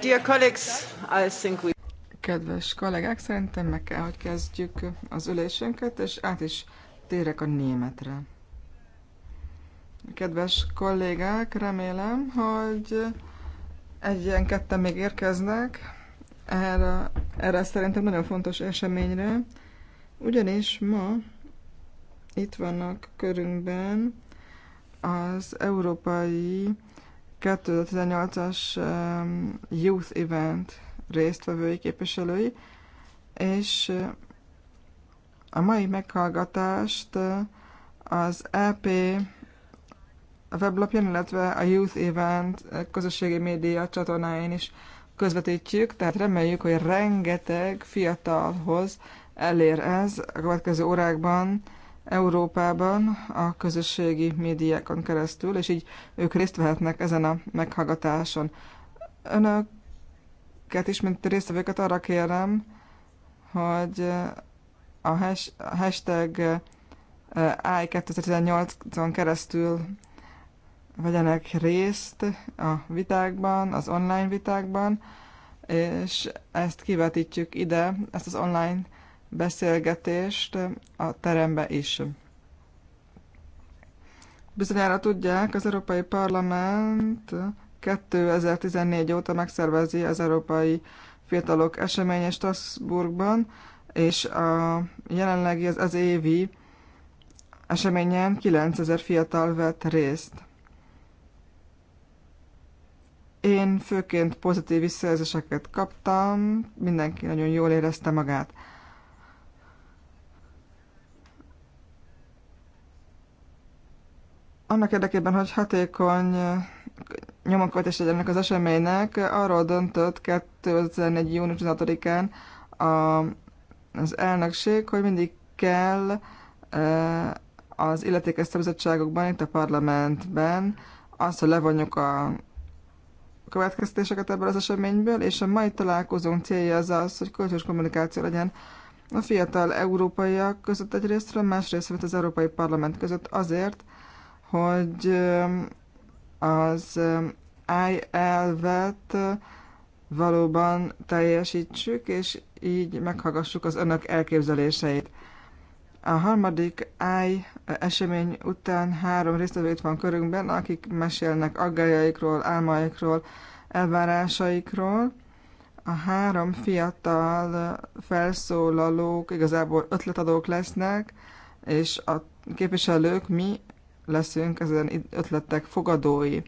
Dear colleagues, I think we... Kedves kollégák, szerintem meg kell, hogy kezdjük az ülésünket, és át is térek a németre. Kedves kollégák, remélem, hogy egy ilyen ketten még érkeznek erre, erre szerintem nagyon fontos eseményre, ugyanis ma itt vannak körünkben az európai 2018-as um, Youth Event résztvevői, képviselői, és uh, a mai meghallgatást uh, az EP a weblapján, illetve a Youth Event uh, közösségi média csatornáin is közvetítjük, tehát reméljük, hogy rengeteg fiatalhoz elér ez a következő órákban Európában a közösségi médiákon keresztül, és így ők részt vehetnek ezen a meghallgatáson. Önöket is, mint résztvevőket arra kérem, hogy a hashtag eh, i2018-on keresztül vegyenek részt a vitákban, az online vitákban, és ezt kivetítjük ide, ezt az online beszélgetést a terembe is. Bizonyára tudják, az Európai Parlament 2014 óta megszervezi az Európai Fiatalok eseménye Strasbourgban, és a jelenlegi az, az évi eseményen 9000 fiatal vett részt. Én főként pozitív visszajelzéseket kaptam, mindenki nagyon jól érezte magát. annak érdekében, hogy hatékony eh, nyomonkövetés legyen az eseménynek, arról döntött 2001. június 16-án az elnökség, hogy mindig kell eh, az illetékes szabadságokban, itt a parlamentben azt, hogy levonjuk a következtéseket ebből az eseményből, és a mai találkozónk célja az az, hogy kölcsös kommunikáció legyen a fiatal európaiak között egyrésztről, másrészt az Európai Parlament között azért, hogy az IL-vet valóban teljesítsük, és így meghallgassuk az önök elképzeléseit. A harmadik I esemény után három résztvevőt van körünkben, akik mesélnek aggájaikról, álmaikról, elvárásaikról. A három fiatal felszólalók igazából ötletadók lesznek, és a képviselők, mi leszünk ezen ötletek fogadói.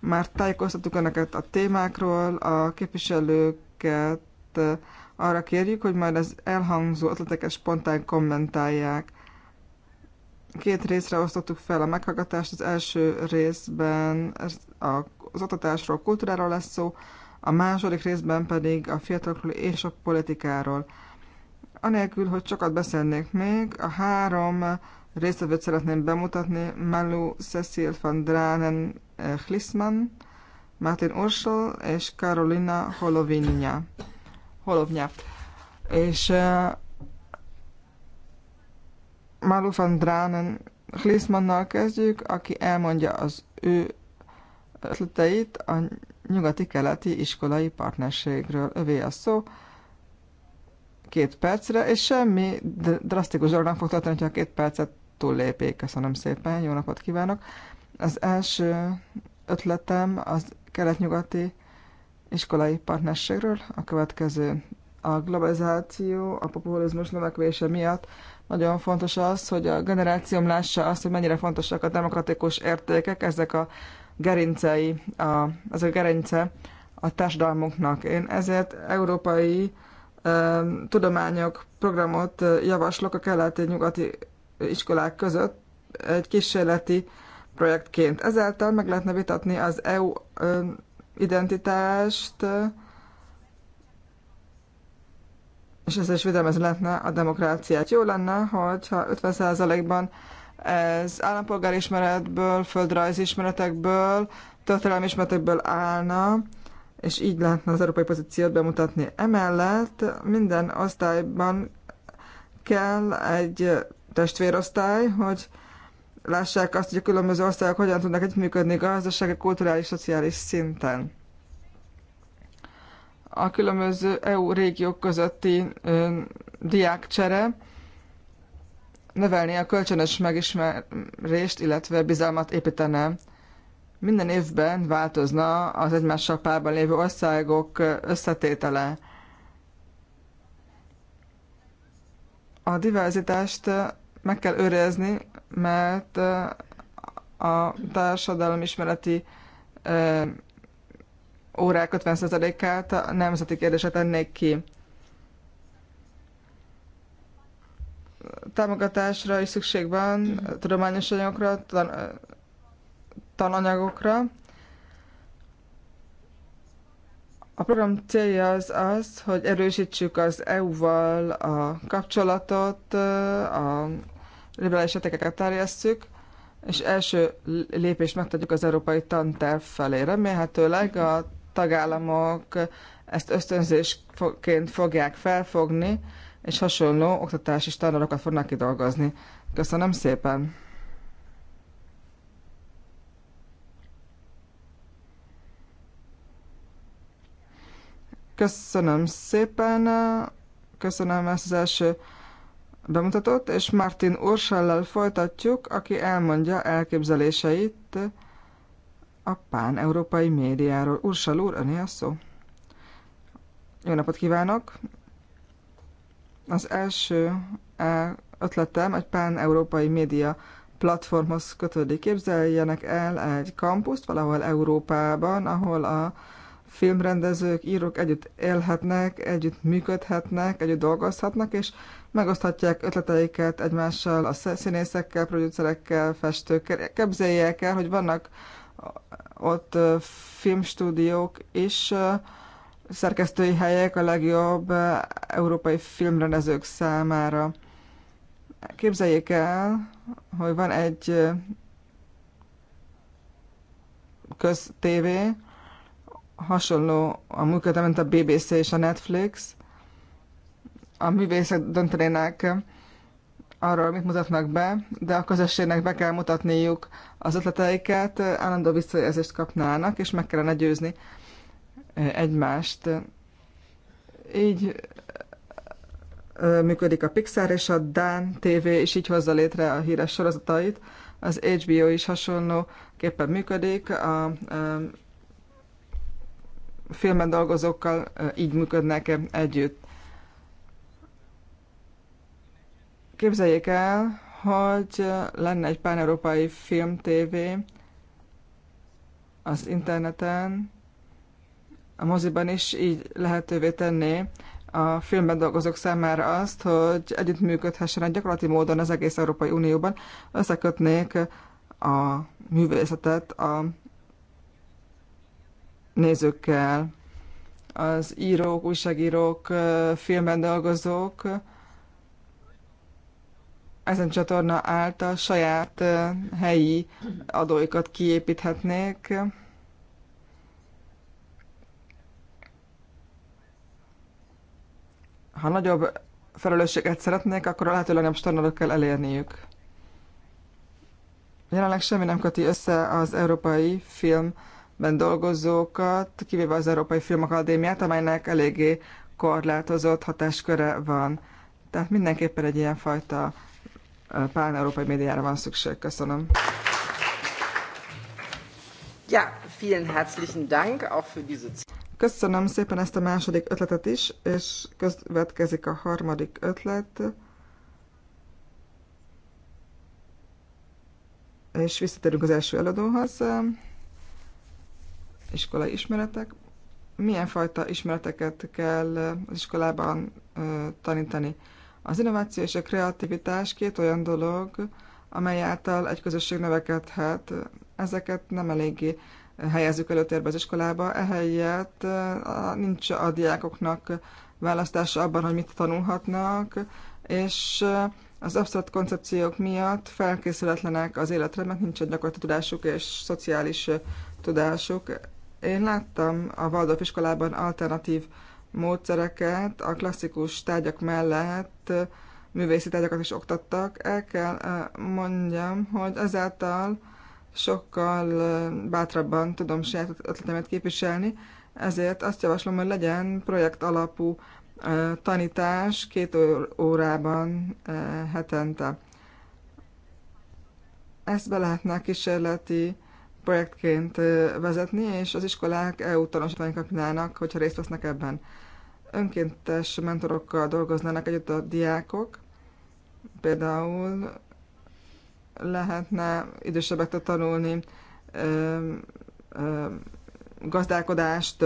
Már tájékoztatjuk önöket a témákról, a képviselőket eh, arra kérjük, hogy majd az elhangzó ötleteket spontán kommentálják. Két részre osztottuk fel a meghallgatást. Az első részben az oktatásról, kultúráról lesz szó, a második részben pedig a fiatalokról és a politikáról. Anélkül, hogy sokat beszélnék még, a három résztvevőt szeretném bemutatni, Malu Cecil van Dranen, eh, Hlisman, Martin Ursul és Karolina Holovinja. Holovnya. És uh, Malu van Dránen Hlismannal kezdjük, aki elmondja az ő ötleteit a nyugati-keleti iskolai partnerségről. Övé a szó, két percre, és semmi drasztikus dolog nem fog tartani, hogyha két percet túllépik. Köszönöm szépen, jó napot kívánok! Az első ötletem az kelet-nyugati iskolai partnerségről, a következő a globalizáció, a populizmus növekvése miatt nagyon fontos az, hogy a generációm lássa azt, hogy mennyire fontosak a demokratikus értékek, ezek a gerincei, a, ez a gerince a társadalmunknak. Én ezért európai tudományok programot javaslok a keleti-nyugati iskolák között egy kísérleti projektként. Ezáltal meg lehetne vitatni az EU identitást, és ez is védelmezni lehetne a demokráciát. Jó lenne, hogyha 50%-ban ez állampolgári ismeretből, földrajzi ismeretekből, történelmi ismeretekből állna, és így lehetne az európai pozíciót bemutatni. Emellett minden osztályban kell egy testvérosztály, hogy lássák azt, hogy a különböző osztályok hogyan tudnak együttműködni gazdasági, kulturális, szociális szinten. A különböző EU régiók közötti ö, diákcsere növelni a kölcsönös megismerést, illetve bizalmat építene minden évben változna az egymással párban lévő országok összetétele. A diverzitást meg kell őrizni, mert a társadalom ismereti órák 50%-át a nemzeti kérdésre tennék ki. Támogatásra is szükség van, tudományos anyagokra, tananyagokra. A program célja az az, hogy erősítsük az EU-val a kapcsolatot, a liberális értékeket terjesszük, és első lépést megtegyük az európai tanterv felé. Remélhetőleg a tagállamok ezt ösztönzésként fogják felfogni, és hasonló oktatási standardokat fognak kidolgozni. Köszönöm szépen! Köszönöm szépen, köszönöm ezt az első bemutatót, és Martin Ursellel folytatjuk, aki elmondja elképzeléseit a pán-európai médiáról. Ursel úr, öné a szó. Jó napot kívánok! Az első e ötletem egy pán-európai média platformhoz kötődik. Képzeljenek el egy kampuszt valahol Európában, ahol a filmrendezők, írók együtt élhetnek, együtt működhetnek, együtt dolgozhatnak, és megoszthatják ötleteiket egymással, a színészekkel, producerekkel, festőkkel. Képzeljék el, hogy vannak ott filmstúdiók és szerkesztői helyek a legjobb európai filmrendezők számára. Képzeljék el, hogy van egy köztévé, hasonló a működő, mint a BBC és a Netflix. A művészek döntenének arról, mit mutatnak be, de a közösségnek be kell mutatniuk az ötleteiket, állandó visszajelzést kapnának, és meg kellene győzni egymást. Így működik a Pixar és a Dán TV, és így hozza létre a híres sorozatait. Az HBO is hasonló képpen működik, a filmben dolgozókkal így működnek együtt. Képzeljék el, hogy lenne egy pán-európai film TV az interneten, a moziban is így lehetővé tenné a filmben dolgozók számára azt, hogy együttműködhessenek gyakorlati módon az egész Európai Unióban, összekötnék a művészetet a nézőkkel. Az írók, újságírók, filmben dolgozók ezen csatorna által saját helyi adóikat kiépíthetnék. Ha nagyobb felelősséget szeretnék, akkor a lehető legnagyobb standardot kell elérniük. Jelenleg semmi nem köti össze az európai film ben dolgozókat, kivéve az Európai Filmakadémiát, amelynek eléggé korlátozott hatásköre van. Tehát mindenképpen egy ilyen fajta pán-európai médiára van szükség. Köszönöm. Ja, vielen herzlichen Dank auch für diese Köszönöm szépen ezt a második ötletet is, és következik a harmadik ötlet. És visszatérünk az első előadóhoz iskolai ismeretek. Milyen fajta ismereteket kell az iskolában tanítani? Az innováció és a kreativitás két olyan dolog, amely által egy közösség növekedhet. Ezeket nem eléggé helyezzük előtérbe az iskolába, ehelyett nincs a diákoknak választása abban, hogy mit tanulhatnak, és az absztrakt koncepciók miatt felkészületlenek az életre, mert nincs egy gyakorlati tudásuk és szociális tudásuk. Én láttam a Waldorf iskolában alternatív módszereket, a klasszikus tárgyak mellett művészi tárgyakat is oktattak. El kell mondjam, hogy ezáltal sokkal bátrabban tudom saját ötletemet képviselni, ezért azt javaslom, hogy legyen projekt alapú tanítás két órában hetente. Ezt be lehetne kísérleti projektként vezetni, és az iskolák EU tanulmányok kapnának, hogyha részt vesznek ebben. Önkéntes mentorokkal dolgoznának együtt a diákok, például lehetne idősebbet tanulni ö, ö, gazdálkodást,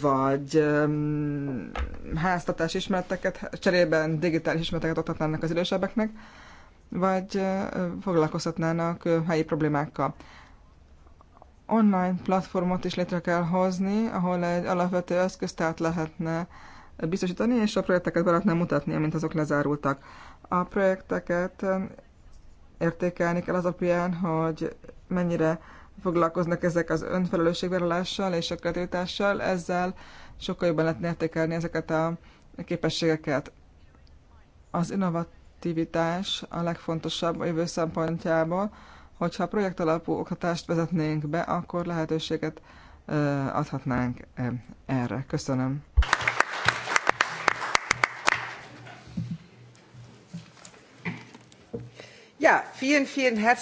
vagy um, háztatás ismereteket, cserében digitális ismereteket adhatnának az idősebbeknek, vagy uh, foglalkozhatnának uh, helyi problémákkal online platformot is létre kell hozni, ahol egy alapvető eszköztárt lehetne biztosítani, és a projekteket be lehetne mutatni, amint azok lezárultak. A projekteket értékelni kell az alapján, hogy mennyire foglalkoznak ezek az önfelelősségvállalással és a kreativitással, ezzel sokkal jobban lehetne értékelni ezeket a képességeket. Az innovativitás a legfontosabb a jövő szempontjából, Hogyha projekt alapú oktatást vezetnénk be, akkor lehetőséget adhatnánk erre. Köszönöm. Ja, vielen, vielen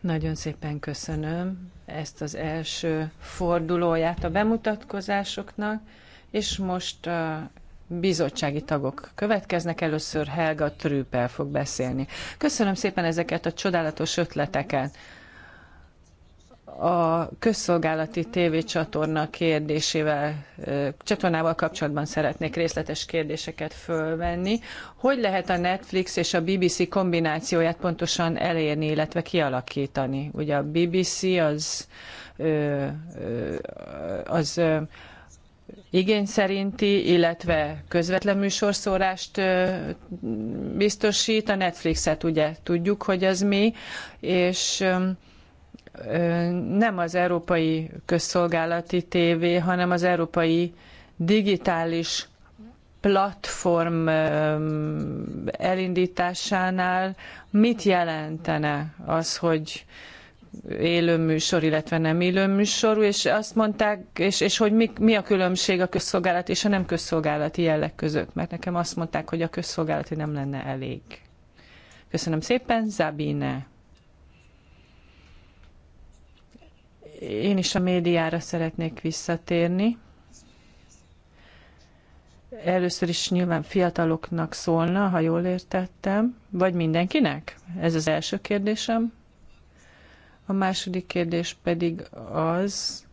Nagyon szépen köszönöm ezt az első fordulóját a bemutatkozásoknak, és most a bizottsági tagok következnek. Először Helga Trüppel fog beszélni. Köszönöm szépen ezeket a csodálatos ötleteket. A közszolgálati tévécsatorna kérdésével, csatornával kapcsolatban szeretnék részletes kérdéseket fölvenni. Hogy lehet a Netflix és a BBC kombinációját pontosan elérni, illetve kialakítani? Ugye a BBC az, az, az igény szerinti, illetve közvetlen műsorszórást biztosít. A Netflixet ugye tudjuk, hogy az mi, és nem az európai közszolgálati tévé, hanem az európai digitális platform elindításánál mit jelentene az, hogy élő műsor, illetve nem élő műsorú, és azt mondták, és, és hogy mi, mi a különbség a közszolgálati és a nem közszolgálati jelleg között, mert nekem azt mondták, hogy a közszolgálati nem lenne elég. Köszönöm szépen, Zabine. Én is a médiára szeretnék visszatérni. Először is nyilván fiataloknak szólna, ha jól értettem, vagy mindenkinek? Ez az első kérdésem. A második kérdés pedig az,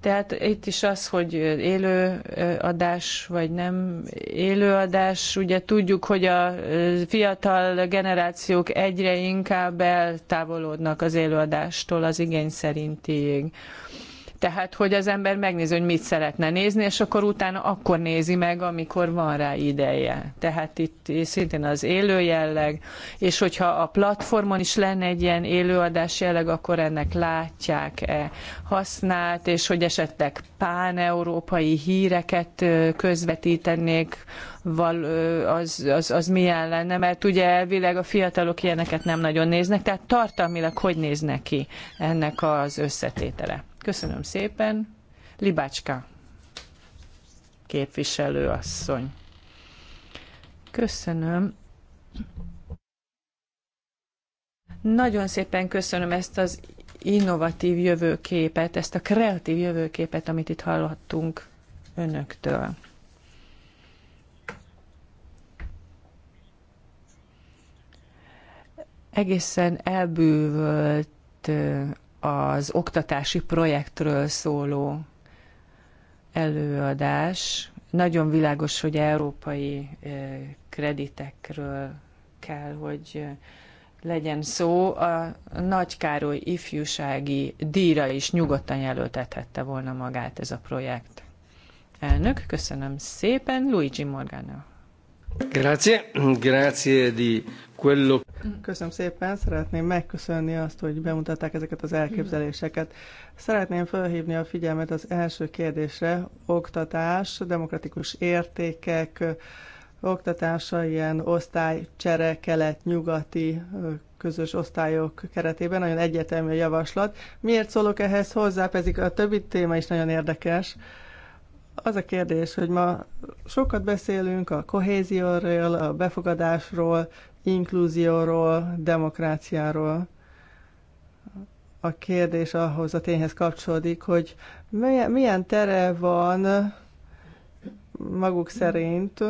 Tehát itt is az, hogy élő adás vagy nem élő adás, ugye tudjuk, hogy a fiatal generációk egyre inkább eltávolodnak az élőadástól az igény szerintig. Tehát, hogy az ember megnézi, hogy mit szeretne nézni, és akkor utána akkor nézi meg, amikor van rá ideje. Tehát itt szintén az élő jelleg, és hogyha a platformon is lenne egy ilyen élőadás jelleg, akkor ennek látják-e használt, és hogy esetleg páneurópai híreket közvetítenék, val, az, az, az milyen lenne, mert ugye elvileg a fiatalok ilyeneket nem nagyon néznek, tehát tartalmilag hogy néz neki ennek az összetétele? Köszönöm szépen. Libácska képviselő asszony. Köszönöm. Nagyon szépen köszönöm ezt az innovatív jövőképet, ezt a kreatív jövőképet, amit itt hallottunk önöktől. Egészen elbűvölt az oktatási projektről szóló előadás. Nagyon világos, hogy európai kreditekről kell, hogy legyen szó. A Nagy Károly ifjúsági díjra is nyugodtan jelöltethette volna magát ez a projekt. Elnök, köszönöm szépen, Luigi Morgana. Grazie, grazie di quello... Mm. Köszönöm szépen, szeretném megköszönni azt, hogy bemutatták ezeket az elképzeléseket. Szeretném felhívni a figyelmet az első kérdésre, oktatás, demokratikus értékek, oktatása ilyen osztálycsere, kelet-nyugati közös osztályok keretében, nagyon egyetemű a javaslat. Miért szólok ehhez hozzá, pedig a többi téma is nagyon érdekes. Az a kérdés, hogy ma sokat beszélünk a kohézióról, a befogadásról, inkluzióról, demokráciáról. A kérdés ahhoz a tényhez kapcsolódik, hogy milyen tere van maguk szerint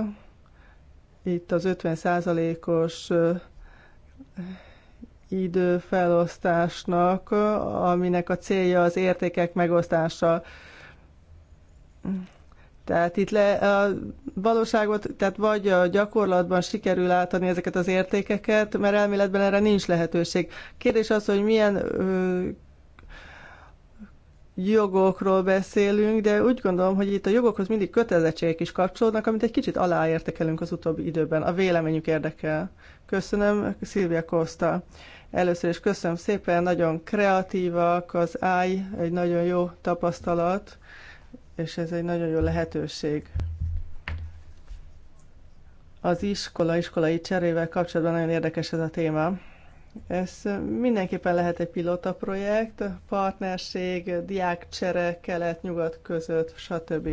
itt az 50%-os időfelosztásnak, aminek a célja az értékek megosztása. Tehát itt le, a valóságot, tehát vagy a gyakorlatban sikerül átadni ezeket az értékeket, mert elméletben erre nincs lehetőség. Kérdés az, hogy milyen ö, jogokról beszélünk, de úgy gondolom, hogy itt a jogokhoz mindig kötelezettségek is kapcsolódnak, amit egy kicsit aláértekelünk az utóbbi időben. A véleményük érdekel. Köszönöm, Szilvia Costa. Először is köszönöm szépen, nagyon kreatívak, az áj egy nagyon jó tapasztalat és ez egy nagyon jó lehetőség. Az iskola, iskolai cserével kapcsolatban nagyon érdekes ez a téma. Ez mindenképpen lehet egy pilota projekt, partnerség, diákcsere, kelet-nyugat között, stb.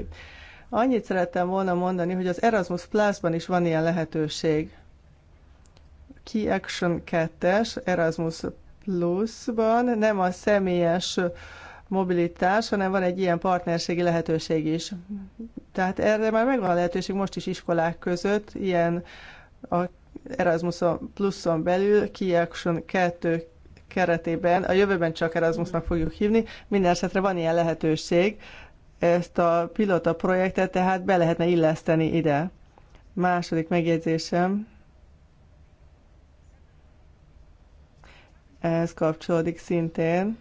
Annyit szerettem volna mondani, hogy az Erasmus Plus-ban is van ilyen lehetőség. Key Action 2-es Erasmus Plus-ban nem a személyes mobilitás, hanem van egy ilyen partnerségi lehetőség is. Tehát erre már megvan a lehetőség most is iskolák között, ilyen a Erasmus pluszon belül, Key Action 2 keretében, a jövőben csak Erasmusnak fogjuk hívni, minden esetre van ilyen lehetőség, ezt a pilota projektet tehát be lehetne illeszteni ide. Második megjegyzésem, ehhez kapcsolódik szintén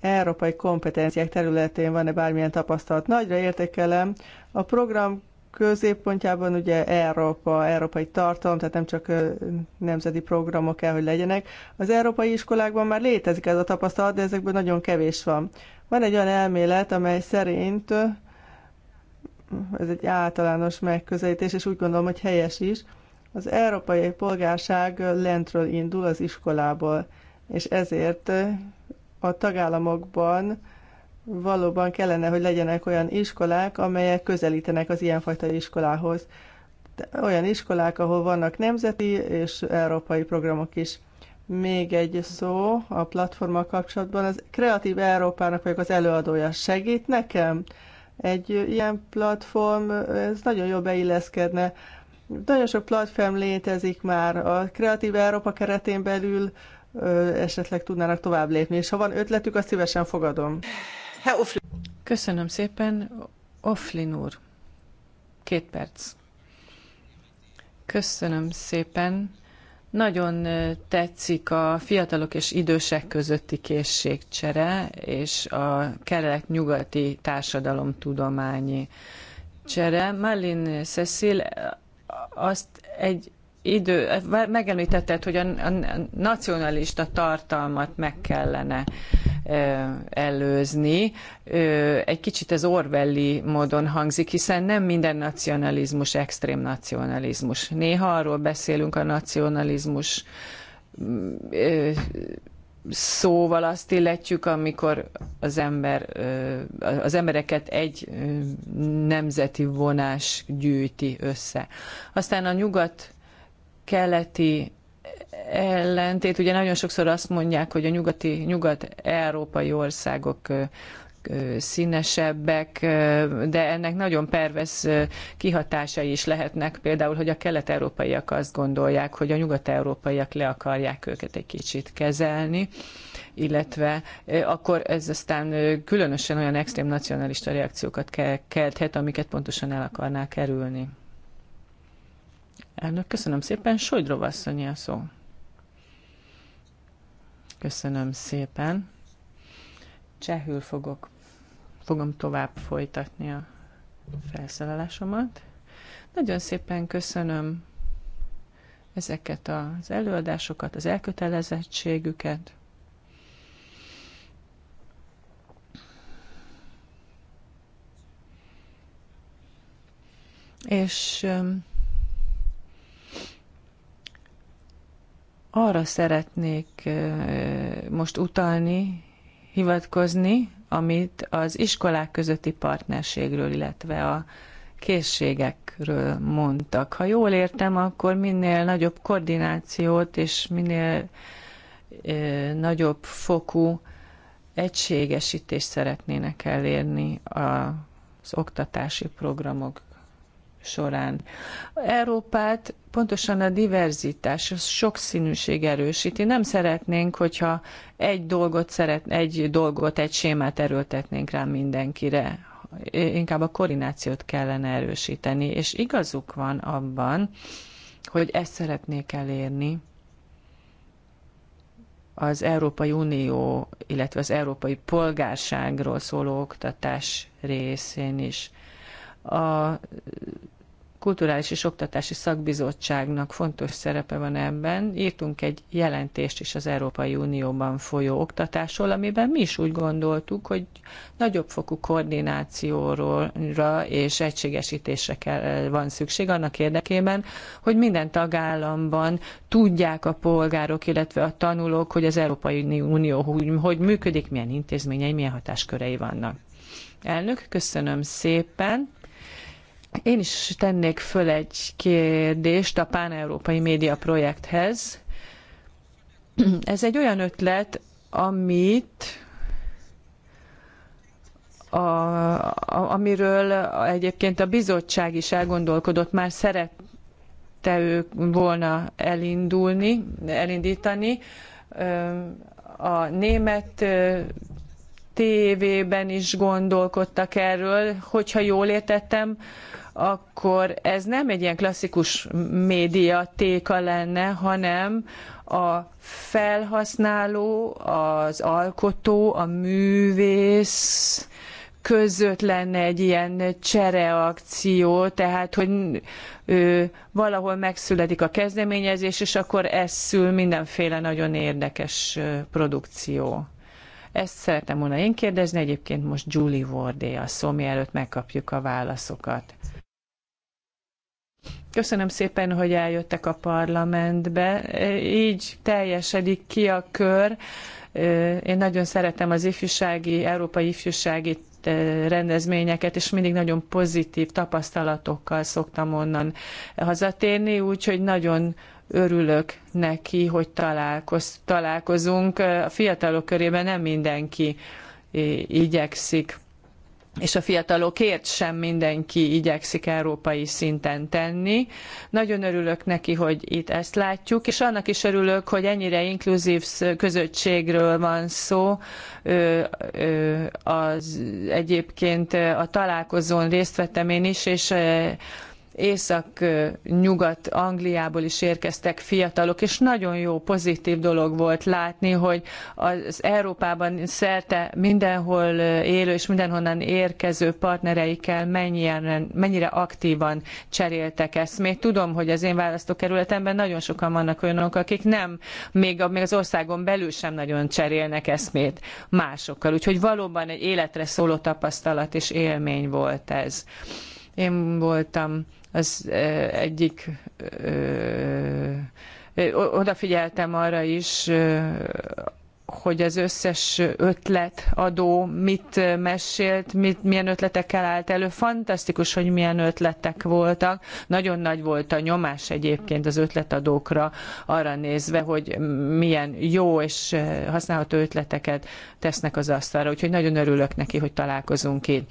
európai kompetenciák területén van-e bármilyen tapasztalat. Nagyra értékelem. A program középpontjában ugye Európa, európai tartalom, tehát nem csak nemzeti programok kell, hogy legyenek. Az európai iskolákban már létezik ez a tapasztalat, de ezekből nagyon kevés van. Van egy olyan elmélet, amely szerint ez egy általános megközelítés, és úgy gondolom, hogy helyes is. Az európai polgárság lentről indul az iskolából és ezért a tagállamokban valóban kellene, hogy legyenek olyan iskolák, amelyek közelítenek az ilyenfajta iskolához. Olyan iskolák, ahol vannak nemzeti és európai programok is. Még egy szó a platforma kapcsolatban. Az Kreatív Európának vagyok az előadója. Segít nekem? Egy ilyen platform, ez nagyon jól beilleszkedne. Nagyon sok platform létezik már. A Kreatív Európa keretén belül esetleg tudnának tovább lépni. És ha van ötletük, azt szívesen fogadom. Köszönöm szépen. Oflin úr. Két perc. Köszönöm szépen. Nagyon tetszik a fiatalok és idősek közötti készségcsere és a kelet-nyugati tudományi csere. Malin Cecil azt egy idő, megemlítetted, hogy a, a nacionalista tartalmat meg kellene előzni. Egy kicsit ez Orwelli módon hangzik, hiszen nem minden nacionalizmus extrém nacionalizmus. Néha arról beszélünk a nacionalizmus szóval azt illetjük, amikor az, ember, az embereket egy nemzeti vonás gyűjti össze. Aztán a nyugat keleti ellentét. Ugye nagyon sokszor azt mondják, hogy a nyugati, nyugat-európai országok színesebbek, de ennek nagyon pervez kihatásai is lehetnek. Például, hogy a kelet-európaiak azt gondolják, hogy a nyugat-európaiak le akarják őket egy kicsit kezelni, illetve akkor ez aztán különösen olyan extrém nacionalista reakciókat kelthet, amiket pontosan el akarnák kerülni. Elnök, köszönöm szépen. Sojdrov a szó. Köszönöm szépen. Csehül fogok, fogom tovább folytatni a felszólalásomat. Nagyon szépen köszönöm ezeket az előadásokat, az elkötelezettségüket. És Arra szeretnék most utalni, hivatkozni, amit az iskolák közötti partnerségről, illetve a készségekről mondtak. Ha jól értem, akkor minél nagyobb koordinációt és minél nagyobb fokú egységesítést szeretnének elérni az oktatási programok során. Európát pontosan a diverzitás, a sokszínűség erősíti. Nem szeretnénk, hogyha egy dolgot, szeret, egy dolgot, egy sémát erőltetnénk rá mindenkire. Inkább a koordinációt kellene erősíteni, és igazuk van abban, hogy ezt szeretnék elérni az Európai Unió, illetve az európai polgárságról szóló oktatás részén is. A Kulturális és Oktatási Szakbizottságnak fontos szerepe van ebben. Írtunk egy jelentést is az Európai Unióban folyó oktatásról, amiben mi is úgy gondoltuk, hogy nagyobb fokú koordinációra és egységesítésre kell, van szükség annak érdekében, hogy minden tagállamban tudják a polgárok, illetve a tanulók, hogy az Európai Unió hogy, hogy működik, milyen intézményei, milyen hatáskörei vannak. Elnök, köszönöm szépen! Én is tennék föl egy kérdést a páneurópai média projekthez. Ez egy olyan ötlet, amit a, a, amiről egyébként a bizottság is elgondolkodott, már szerette volna elindulni, elindítani. A német tévében is gondolkodtak erről, hogyha jól értettem, akkor ez nem egy ilyen klasszikus médiatéka lenne, hanem a felhasználó, az alkotó, a művész, között lenne egy ilyen csereakció, tehát hogy ő, valahol megszületik a kezdeményezés, és akkor ez szül mindenféle nagyon érdekes produkció. Ezt szeretem volna én kérdezni, egyébként most Julie Wardé a szó, mielőtt megkapjuk a válaszokat. Köszönöm szépen, hogy eljöttek a parlamentbe. Így teljesedik ki a kör. Én nagyon szeretem az ifjúsági, európai ifjúsági eh, rendezményeket, és mindig nagyon pozitív tapasztalatokkal szoktam onnan hazatérni, úgyhogy nagyon örülök neki, hogy találkoz, találkozunk. A fiatalok körében nem mindenki eh, igyekszik és a fiatalokért sem mindenki igyekszik európai szinten tenni. Nagyon örülök neki, hogy itt ezt látjuk, és annak is örülök, hogy ennyire inkluzív közösségről van szó. Az egyébként a találkozón részt vettem én is, és észak-nyugat Angliából is érkeztek fiatalok, és nagyon jó, pozitív dolog volt látni, hogy az Európában szerte mindenhol élő és mindenhonnan érkező partnereikkel mennyire, mennyire aktívan cseréltek eszmét. Tudom, hogy az én választókerületemben nagyon sokan vannak olyanok, akik nem, még, még az országon belül sem nagyon cserélnek eszmét másokkal. Úgyhogy valóban egy életre szóló tapasztalat és élmény volt ez. Én voltam az egyik odafigyeltem arra is, hogy az összes ötletadó mit mesélt, mit, milyen ötletekkel állt elő. Fantasztikus, hogy milyen ötletek voltak. Nagyon nagy volt a nyomás egyébként az ötletadókra arra nézve, hogy milyen jó és használható ötleteket tesznek az asztalra. Úgyhogy nagyon örülök neki, hogy találkozunk itt.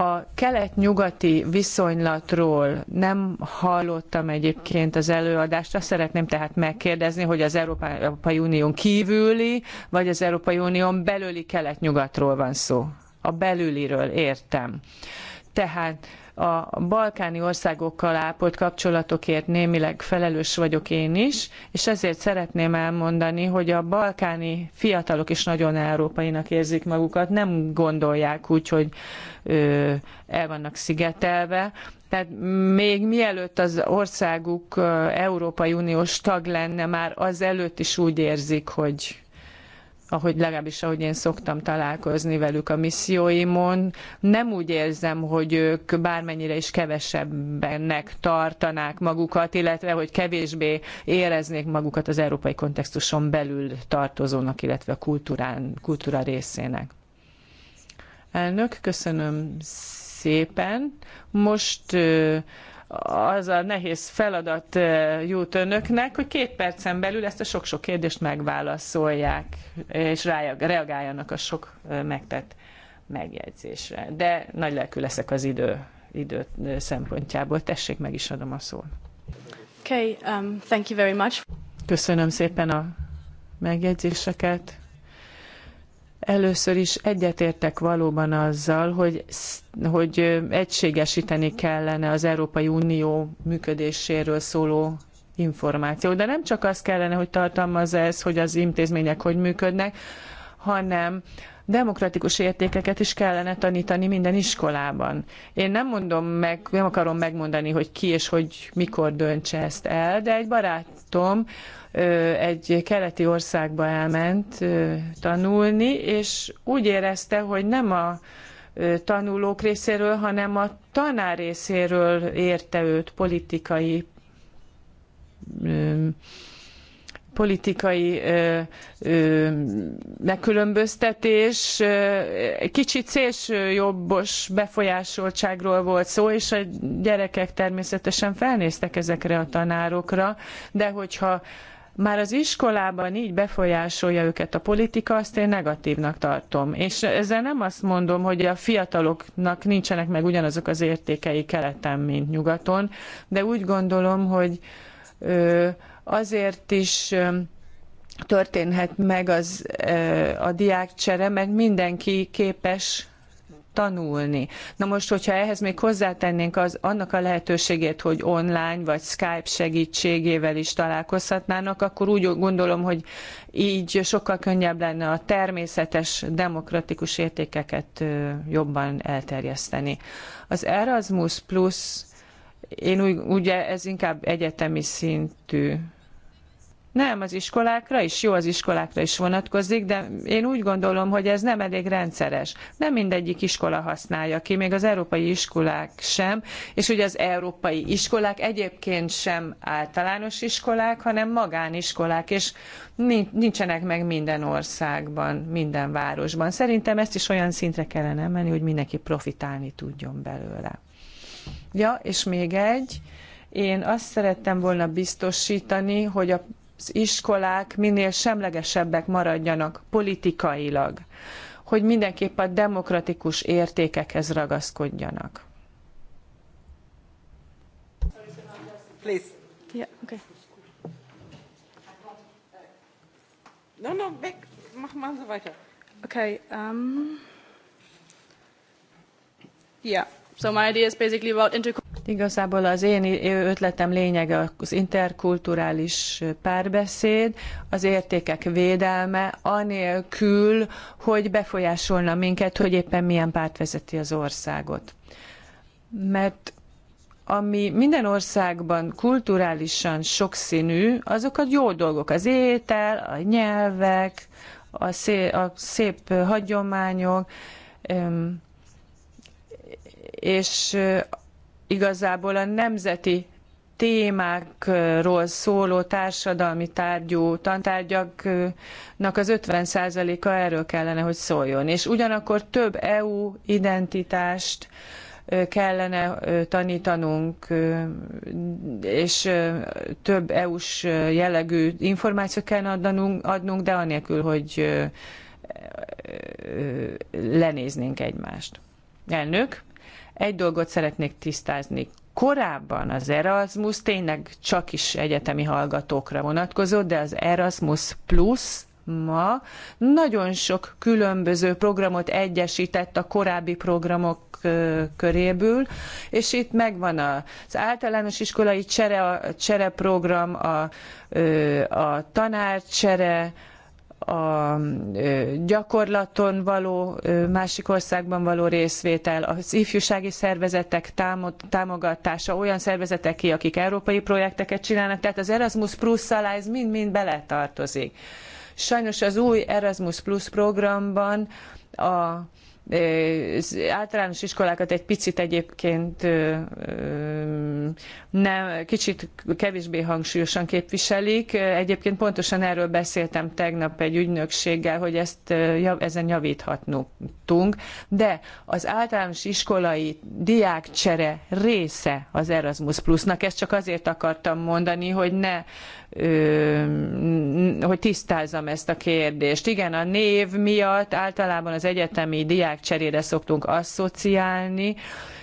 A kelet-nyugati viszonylatról nem hallottam egyébként az előadást, azt szeretném tehát megkérdezni, hogy az Európai Unión kívüli, vagy az Európai Unión belüli kelet-nyugatról van szó. A belüliről értem. Tehát a balkáni országokkal ápolt kapcsolatokért némileg felelős vagyok én is, és ezért szeretném elmondani, hogy a balkáni fiatalok is nagyon európainak érzik magukat, nem gondolják úgy, hogy ö, el vannak szigetelve, tehát még mielőtt az országuk Európai Uniós tag lenne, már az előtt is úgy érzik, hogy ahogy legalábbis ahogy én szoktam találkozni velük a misszióimon, nem úgy érzem, hogy ők bármennyire is kevesebbennek tartanák magukat, illetve hogy kevésbé éreznék magukat az európai kontextuson belül tartozónak, illetve a kultúrán, kultúra részének. Elnök, köszönöm szépen. Most az a nehéz feladat eh, jut önöknek, hogy két percen belül ezt a sok-sok kérdést megválaszolják, és reagáljanak a sok eh, megtett megjegyzésre. De nagy lelkű leszek az idő, idő eh, szempontjából. Tessék, meg is adom a szót. Okay, um, thank you very much. Köszönöm szépen a megjegyzéseket. Először is egyetértek valóban azzal, hogy, hogy egységesíteni kellene az Európai Unió működéséről szóló információ. De nem csak azt kellene, hogy tartalmazza ez, hogy az intézmények hogy működnek, hanem demokratikus értékeket is kellene tanítani minden iskolában. Én nem mondom meg, nem akarom megmondani, hogy ki és hogy mikor döntse ezt el, de egy barátom egy keleti országba elment tanulni, és úgy érezte, hogy nem a tanulók részéről, hanem a tanár részéről érte őt politikai politikai megkülönböztetés. Kicsit szélsőjobbos befolyásoltságról volt szó, és a gyerekek természetesen felnéztek ezekre a tanárokra, de hogyha már az iskolában így befolyásolja őket a politika, azt én negatívnak tartom. És ezzel nem azt mondom, hogy a fiataloknak nincsenek meg ugyanazok az értékei keleten, mint nyugaton, de úgy gondolom, hogy ö, azért is történhet meg az, a diákcsere, mert mindenki képes tanulni. Na most, hogyha ehhez még hozzátennénk az, annak a lehetőségét, hogy online vagy Skype segítségével is találkozhatnának, akkor úgy gondolom, hogy így sokkal könnyebb lenne a természetes demokratikus értékeket jobban elterjeszteni. Az Erasmus Plus, én úgy, ugye ez inkább egyetemi szintű nem, az iskolákra is, jó az iskolákra is vonatkozik, de én úgy gondolom, hogy ez nem elég rendszeres. Nem mindegyik iskola használja ki, még az európai iskolák sem, és ugye az európai iskolák egyébként sem általános iskolák, hanem magániskolák, és nincsenek meg minden országban, minden városban. Szerintem ezt is olyan szintre kellene menni, hogy mindenki profitálni tudjon belőle. Ja, és még egy. Én azt szerettem volna biztosítani, hogy a az iskolák minél semlegesebbek maradjanak politikailag, hogy mindenképp a demokratikus értékekhez ragaszkodjanak. Please. Yeah, okay. No, no, weg. Mach mal so weiter. Okay, um... Yeah. So my idea is basically about inter- Igazából az én ötletem lényege az interkulturális párbeszéd, az értékek védelme, anélkül, hogy befolyásolna minket, hogy éppen milyen párt vezeti az országot. Mert ami minden országban kulturálisan sokszínű, azok a jó dolgok, az étel, a nyelvek, a szép, a szép hagyományok, és igazából a nemzeti témákról szóló társadalmi tárgyú tantárgyaknak az 50%-a erről kellene, hogy szóljon. És ugyanakkor több EU identitást kellene tanítanunk, és több EU-s jellegű információt kellene adnunk, adnunk, de anélkül, hogy lenéznénk egymást. Elnök? Egy dolgot szeretnék tisztázni. Korábban az Erasmus tényleg csak is egyetemi hallgatókra vonatkozott, de az Erasmus Plus ma nagyon sok különböző programot egyesített a korábbi programok köréből, és itt megvan az általános iskolai csere, a csereprogram, a, a tanárcsere, a gyakorlaton való, másik országban való részvétel, az ifjúsági szervezetek támogatása, olyan szervezeteké, akik európai projekteket csinálnak, tehát az Erasmus plus alá ez mind-mind beletartozik. Sajnos az új Erasmus Plus programban a általános iskolákat egy picit egyébként nem, kicsit kevésbé hangsúlyosan képviselik. Egyébként pontosan erről beszéltem tegnap egy ügynökséggel, hogy ezt, ezen javíthatnunk. De az általános iskolai diákcsere része az Erasmus Plusnak. Ezt csak azért akartam mondani, hogy ne hogy tisztázzam ezt a kérdést. Igen, a név miatt általában az egyetemi diák cserére szoktunk asszociálni,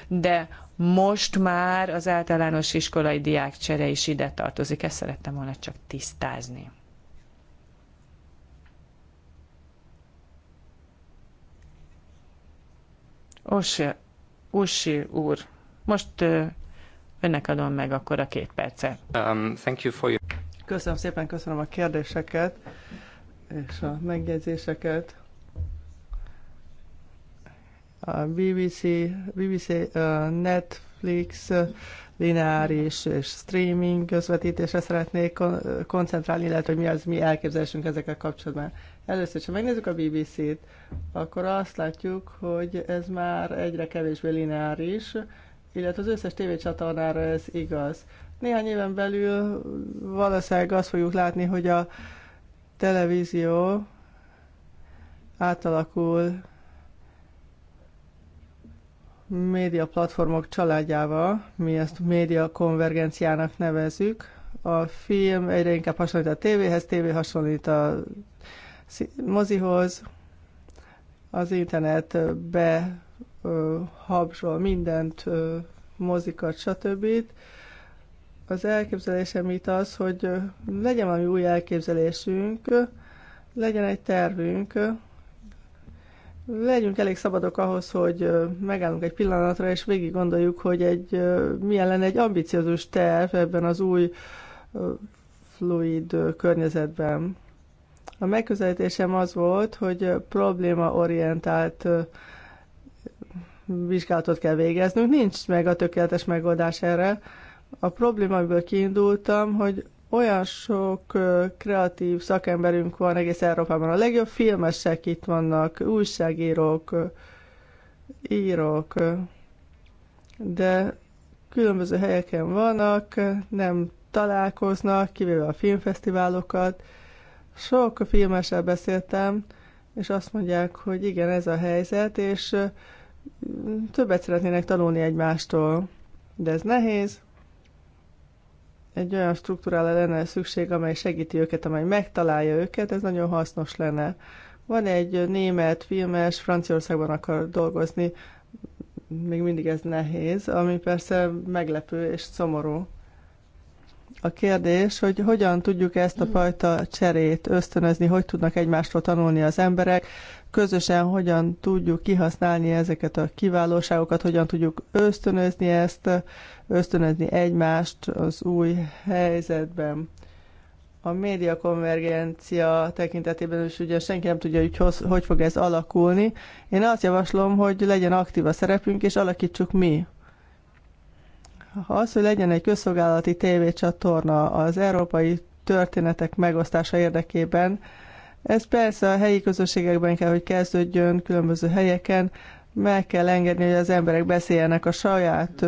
de most már az általános iskolai diákcsere is ide tartozik. Ezt szerettem volna csak tisztázni. Osi, Usi úr, most ö, önnek adom meg akkor a két percet. Um, thank you for your... Köszönöm szépen, köszönöm a kérdéseket és a megjegyzéseket a BBC, BBC Netflix, lineáris és streaming közvetítésre szeretnék koncentrálni, illetve hogy mi az mi elképzelésünk ezekkel kapcsolatban. Először, ha megnézzük a BBC-t, akkor azt látjuk, hogy ez már egyre kevésbé lineáris, illetve az összes tévécsatornára ez igaz. Néhány éven belül valószínűleg azt fogjuk látni, hogy a televízió átalakul média platformok családjával, mi ezt média konvergenciának nevezzük. A film egyre inkább hasonlít a tévéhez, tévé hasonlít a mozihoz, az internet be habzsol mindent, mozikat, stb. Az elképzelésem itt az, hogy legyen valami új elképzelésünk, legyen egy tervünk, legyünk elég szabadok ahhoz, hogy megállunk egy pillanatra, és végig gondoljuk, hogy egy, milyen lenne egy ambiciózus terv ebben az új fluid környezetben. A megközelítésem az volt, hogy problémaorientált vizsgálatot kell végeznünk. Nincs meg a tökéletes megoldás erre. A probléma, amiből kiindultam, hogy olyan sok kreatív szakemberünk van egész Európában. A legjobb filmesek itt vannak, újságírók, írók, de különböző helyeken vannak, nem találkoznak, kivéve a filmfesztiválokat. Sok filmessel beszéltem, és azt mondják, hogy igen, ez a helyzet, és többet szeretnének tanulni egymástól, de ez nehéz, egy olyan struktúrára lenne szükség, amely segíti őket, amely megtalálja őket, ez nagyon hasznos lenne. Van egy német filmes, Franciaországban akar dolgozni, még mindig ez nehéz, ami persze meglepő és szomorú. A kérdés, hogy hogyan tudjuk ezt a fajta cserét ösztönözni, hogy tudnak egymástól tanulni az emberek, közösen hogyan tudjuk kihasználni ezeket a kiválóságokat, hogyan tudjuk ösztönözni ezt, ösztönözni egymást az új helyzetben. A média konvergencia tekintetében is ugye senki nem tudja, hogy hogy fog ez alakulni. Én azt javaslom, hogy legyen aktív a szerepünk, és alakítsuk mi. Az, hogy legyen egy közszolgálati tévécsatorna az európai történetek megosztása érdekében, ez persze a helyi közösségekben kell, hogy kezdődjön, különböző helyeken, meg kell engedni, hogy az emberek beszéljenek a saját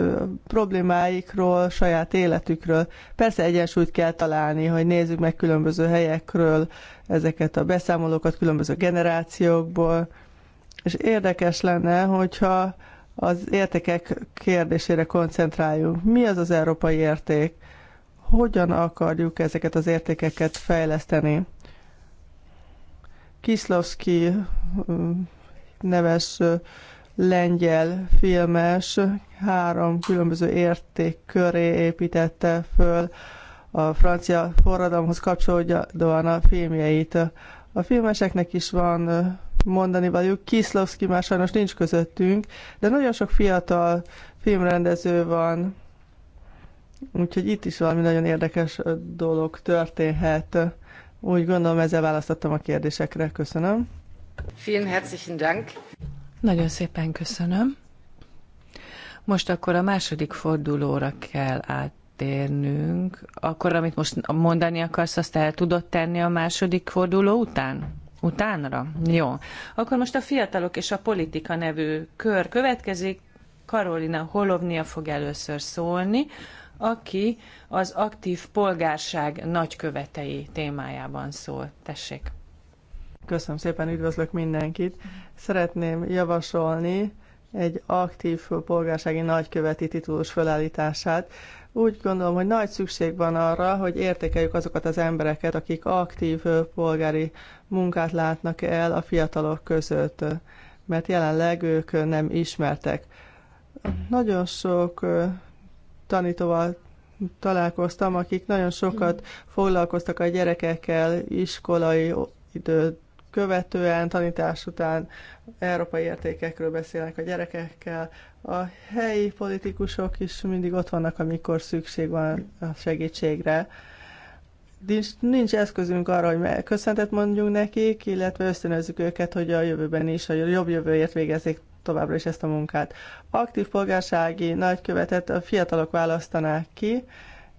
problémáikról, saját életükről. Persze egyensúlyt kell találni, hogy nézzük meg különböző helyekről ezeket a beszámolókat különböző generációkból, és érdekes lenne, hogyha az értékek kérdésére koncentráljunk. Mi az az európai érték? Hogyan akarjuk ezeket az értékeket fejleszteni? Kislavski neves lengyel filmes három különböző érték köré építette föl a francia forradalomhoz kapcsolódóan a filmjeit. A filmeseknek is van mondani valójuk. Kislavski már sajnos nincs közöttünk, de nagyon sok fiatal filmrendező van, úgyhogy itt is valami nagyon érdekes dolog történhet. Úgy gondolom, ezzel választottam a kérdésekre. Köszönöm. Vielen herzlichen Dank. Nagyon szépen köszönöm. Most akkor a második fordulóra kell áttérnünk. Akkor, amit most mondani akarsz, azt el tudod tenni a második forduló után? Utánra? Jó. Akkor most a Fiatalok és a Politika nevű kör következik. Karolina Holovnia fog először szólni, aki az aktív polgárság nagykövetei témájában szól. Tessék! Köszönöm szépen, üdvözlök mindenkit! Szeretném javasolni egy aktív polgársági nagyköveti titulus felállítását. Úgy gondolom, hogy nagy szükség van arra, hogy értékeljük azokat az embereket, akik aktív polgári munkát látnak el a fiatalok között, mert jelenleg ők nem ismertek. Nagyon sok tanítóval találkoztam, akik nagyon sokat hmm. foglalkoztak a gyerekekkel iskolai időt követően, tanítás után európai értékekről beszélnek a gyerekekkel. A helyi politikusok is mindig ott vannak, amikor szükség van a segítségre. Nincs, nincs eszközünk arra, hogy köszöntet mondjunk nekik, illetve ösztönözzük őket, hogy a jövőben is, a jobb jövőért végezzék továbbra is ezt a munkát. Aktív polgársági nagykövetet a fiatalok választanák ki,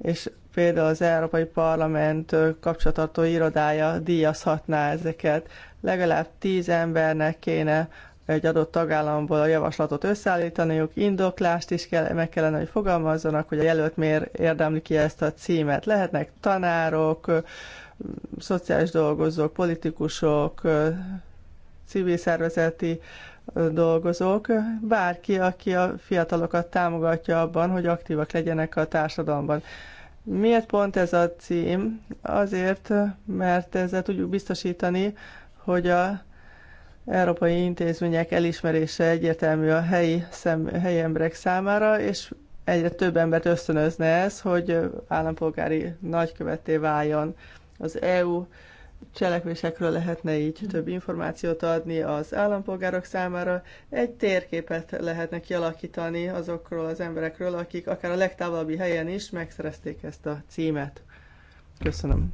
és például az Európai Parlament kapcsolatartó irodája díjazhatná ezeket. Legalább tíz embernek kéne egy adott tagállamból a javaslatot összeállítaniuk, indoklást is kell, meg kellene, hogy fogalmazzanak, hogy a jelölt miért érdemli ki ezt a címet. Lehetnek tanárok, szociális dolgozók, politikusok, civil szervezeti dolgozók, bárki, aki a fiatalokat támogatja abban, hogy aktívak legyenek a társadalomban. Miért pont ez a cím? Azért, mert ezzel tudjuk biztosítani, hogy a európai intézmények elismerése egyértelmű a helyi, szem, helyi emberek számára, és egyre több embert ösztönözne ez, hogy állampolgári nagykövetté váljon. Az EU cselekvésekről lehetne így több információt adni az állampolgárok számára, egy térképet lehetne kialakítani azokról az emberekről, akik akár a legtávolabbi helyen is megszerezték ezt a címet. Köszönöm.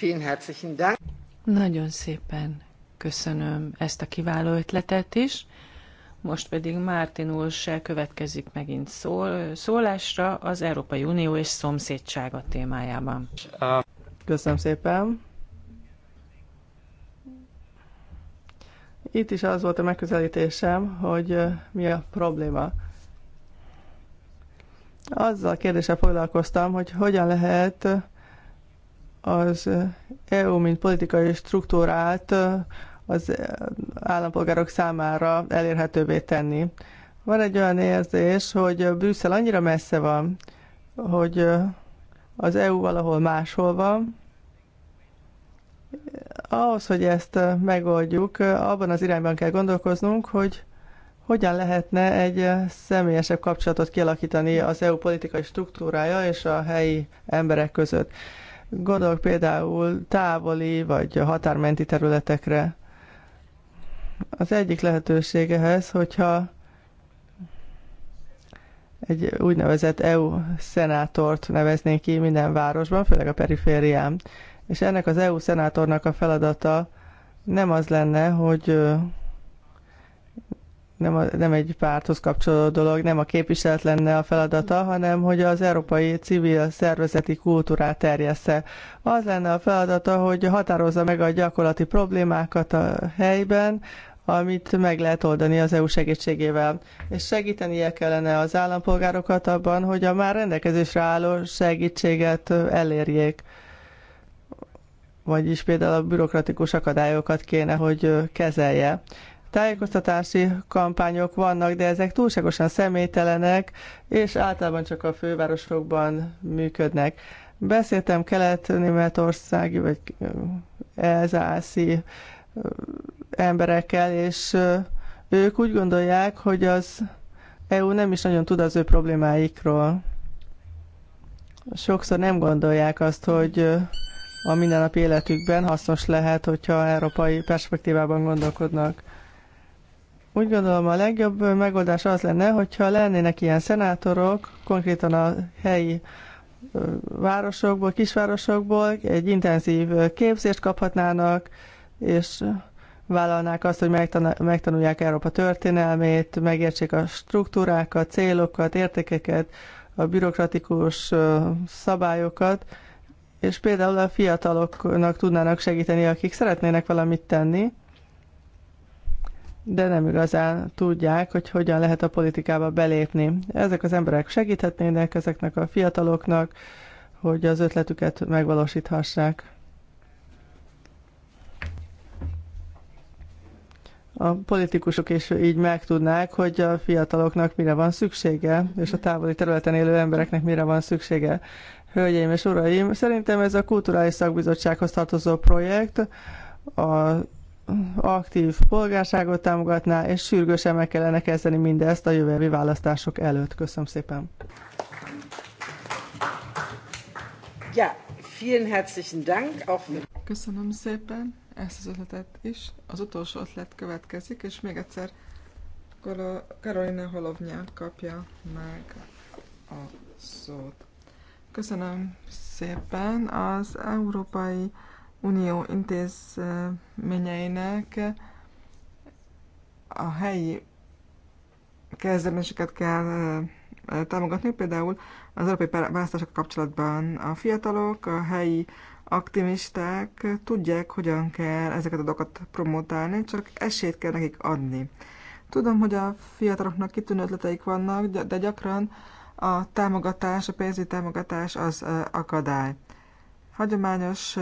Vielen herzlichen Dank. Nagyon szépen köszönöm ezt a kiváló ötletet is. Most pedig Mártin Ulse következik megint szól, szólásra az Európai Unió és szomszédsága témájában. Köszönöm szépen. Itt is az volt a megközelítésem, hogy mi a probléma. Azzal a kérdéssel foglalkoztam, hogy hogyan lehet az EU, mint politikai struktúrát az állampolgárok számára elérhetővé tenni. Van egy olyan érzés, hogy Brüsszel annyira messze van, hogy az EU valahol máshol van, ahhoz, hogy ezt megoldjuk, abban az irányban kell gondolkoznunk, hogy hogyan lehetne egy személyesebb kapcsolatot kialakítani az EU politikai struktúrája és a helyi emberek között. Gondolok például távoli vagy határmenti területekre. Az egyik lehetőség ehhez, hogyha egy úgynevezett EU szenátort neveznénk ki minden városban, főleg a periférián és ennek az EU szenátornak a feladata nem az lenne, hogy nem, a, nem egy párthoz kapcsolódó dolog, nem a képviselet lenne a feladata, hanem hogy az európai civil szervezeti kultúrát terjessze. Az lenne a feladata, hogy határozza meg a gyakorlati problémákat a helyben, amit meg lehet oldani az EU segítségével. És segítenie kellene az állampolgárokat abban, hogy a már rendelkezésre álló segítséget elérjék vagyis például a bürokratikus akadályokat kéne, hogy kezelje. Tájékoztatási kampányok vannak, de ezek túlságosan személytelenek, és általában csak a fővárosokban működnek. Beszéltem kelet-németországi, vagy elzászi emberekkel, és ők úgy gondolják, hogy az EU nem is nagyon tud az ő problémáikról. Sokszor nem gondolják azt, hogy a mindennapi életükben hasznos lehet, hogyha európai perspektívában gondolkodnak. Úgy gondolom, a legjobb megoldás az lenne, hogyha lennének ilyen szenátorok, konkrétan a helyi városokból, kisvárosokból egy intenzív képzést kaphatnának, és vállalnák azt, hogy megtanulják Európa történelmét, megértsék a struktúrákat, célokat, értékeket, a bürokratikus szabályokat, és például a fiataloknak tudnának segíteni, akik szeretnének valamit tenni, de nem igazán tudják, hogy hogyan lehet a politikába belépni. Ezek az emberek segíthetnének ezeknek a fiataloknak, hogy az ötletüket megvalósíthassák. A politikusok is így megtudnák, hogy a fiataloknak mire van szüksége, és a távoli területen élő embereknek mire van szüksége. Hölgyeim és uraim, szerintem ez a Kulturális Szakbizottsághoz tartozó projekt a aktív polgárságot támogatná, és sürgősen meg kellene kezdeni mindezt a jövőbeli választások előtt. Köszönöm szépen. Ja, vielen herzlichen Dank. Köszönöm szépen ezt az ötletet is. Az utolsó ötlet következik, és még egyszer Karolina Holovnyák kapja meg a szót. Köszönöm szépen. Az Európai Unió intézményeinek a helyi kezdeményeket kell támogatni, például az európai választások kapcsolatban a fiatalok, a helyi aktivisták tudják, hogyan kell ezeket a dolgokat promotálni, csak esélyt kell nekik adni. Tudom, hogy a fiataloknak kitűnő ötleteik vannak, de gyakran a támogatás, a pénzügyi támogatás az akadály. Hagyományos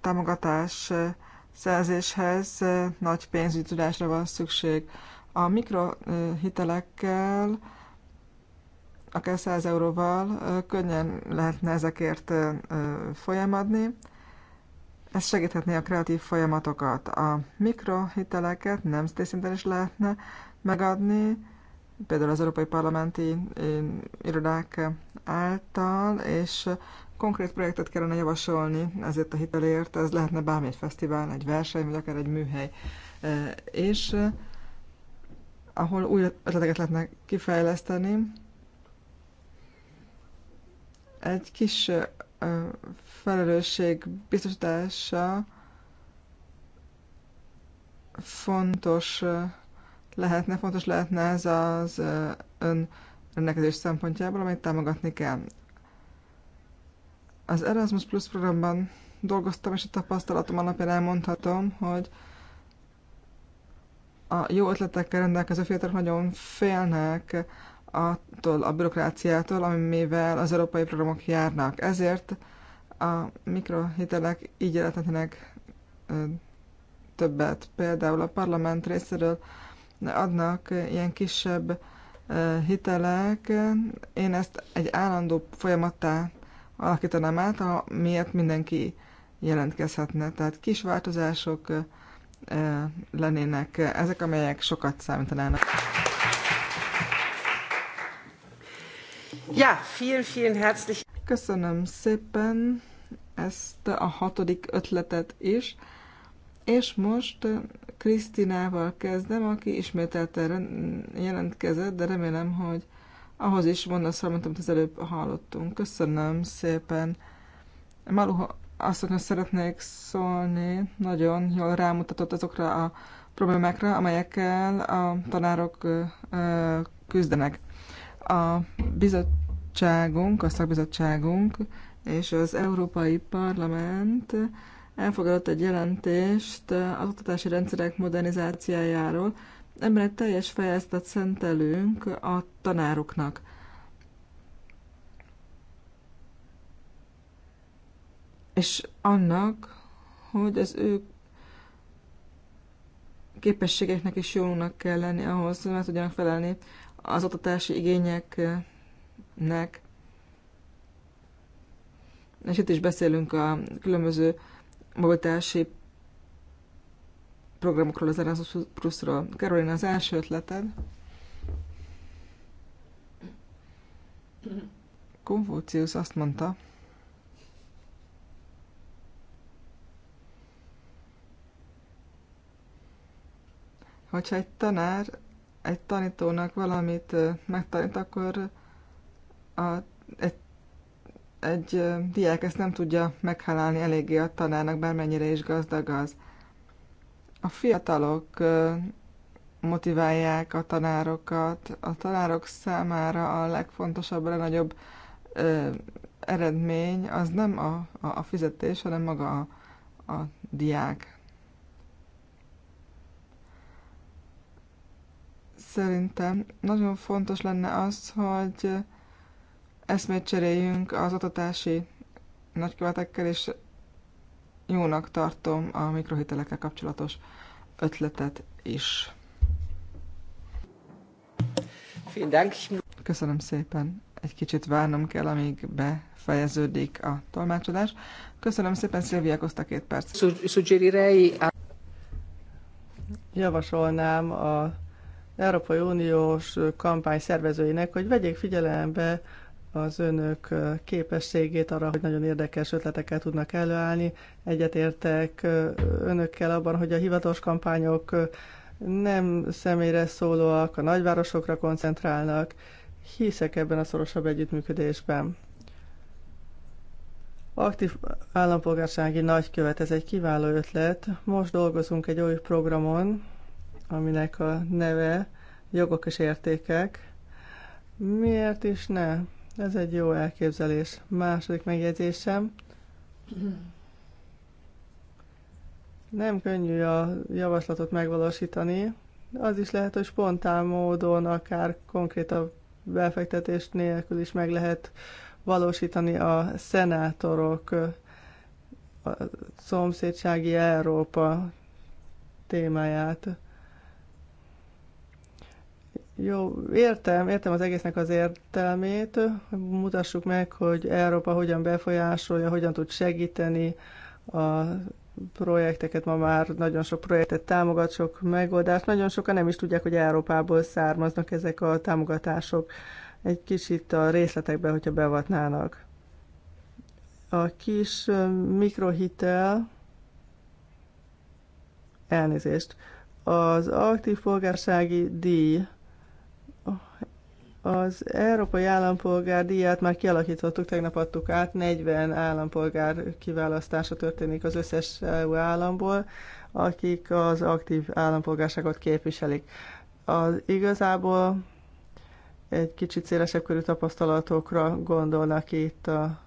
támogatás szerzéshez nagy pénzügyi tudásra van szükség. A mikrohitelekkel, akár 100 euróval könnyen lehetne ezekért folyamadni. Ez segíthetné a kreatív folyamatokat. A mikrohiteleket nem szinten is lehetne megadni, például az Európai Parlamenti eh, Irodák által, és konkrét projektet kellene javasolni ezért a hitelért, ez lehetne bármi egy fesztivál, egy verseny, vagy akár egy műhely. Eh, és eh, ahol új ötleteket lehetne kifejleszteni, egy kis felelősség biztosítása fontos lehetne, fontos lehetne ez az ön rendelkezés szempontjából, amit támogatni kell. Az Erasmus Plus programban dolgoztam, és a tapasztalatom alapján elmondhatom, hogy a jó ötletekkel rendelkező fiatalok nagyon félnek attól a bürokráciától, amivel az európai programok járnak. Ezért a mikrohitelek így jelentetnek többet. Például a parlament részéről adnak ilyen kisebb hitelek. Én ezt egy állandó folyamattá alakítanám át, amiért mindenki jelentkezhetne. Tehát kis változások lennének ezek, amelyek sokat számítanának. Ja, vielen, vielen herzlich. Köszönöm szépen ezt a hatodik ötletet is. És most Krisztinával kezdem, aki ismételten jelentkezett, de remélem, hogy ahhoz is mondasz valamit, amit az előbb hallottunk. Köszönöm szépen. Maluha azt mondja, szeretnék szólni, nagyon jól rámutatott azokra a problémákra, amelyekkel a tanárok küzdenek. A bizottságunk, a szakbizottságunk és az Európai Parlament elfogadott egy jelentést az oktatási rendszerek modernizációjáról, ebben egy teljes fejezetet szentelünk a tanároknak. És annak, hogy az ő képességeknek is jónak kell lenni ahhoz, hogy meg tudjanak felelni az oktatási igényeknek. És itt is beszélünk a különböző mobilitási programokról, az Erasmus Plus-ról. Karolina, az első ötleted? Konfúciusz azt mondta, hogyha egy tanár egy tanítónak valamit eh, megtanít, akkor a, egy egy diák ezt nem tudja meghalálni eléggé a tanárnak, bármennyire is gazdag az. A fiatalok motiválják a tanárokat. A tanárok számára a legfontosabb, a legnagyobb ö, eredmény az nem a, a, a fizetés, hanem maga a, a diák. Szerintem nagyon fontos lenne az, hogy eszmét cseréljünk az adatási nagykövetekkel, és jónak tartom a mikrohitelekkel kapcsolatos ötletet is. Köszönöm szépen. Egy kicsit várnom kell, amíg befejeződik a tolmácsolás. Köszönöm szépen, Szilvia Koszta két perc. Javasolnám a Európai Uniós kampány szervezőinek, hogy vegyék figyelembe az önök képességét arra, hogy nagyon érdekes ötletekkel tudnak előállni. Egyetértek önökkel abban, hogy a hivatalos kampányok nem személyre szólóak, a nagyvárosokra koncentrálnak. Hiszek ebben a szorosabb együttműködésben. Aktív állampolgársági nagykövet, ez egy kiváló ötlet. Most dolgozunk egy új programon, aminek a neve Jogok és értékek. Miért is ne? Ez egy jó elképzelés. Második megjegyzésem. Nem könnyű a javaslatot megvalósítani. Az is lehet, hogy spontán módon, akár konkrétabb befektetés nélkül is meg lehet valósítani a szenátorok a szomszédsági Európa témáját. Jó, értem, értem az egésznek az értelmét. Mutassuk meg, hogy Európa hogyan befolyásolja, hogyan tud segíteni a projekteket. Ma már nagyon sok projektet támogat, sok megoldást. Nagyon sokan nem is tudják, hogy Európából származnak ezek a támogatások. Egy kicsit a részletekbe, hogyha bevatnának. A kis mikrohitel, elnézést, az aktív polgársági díj az Európai Állampolgár díját már kialakítottuk, tegnap adtuk át, 40 állampolgár kiválasztása történik az összes EU államból, akik az aktív állampolgárságot képviselik. Az igazából egy kicsit szélesebb körű tapasztalatokra gondolnak itt a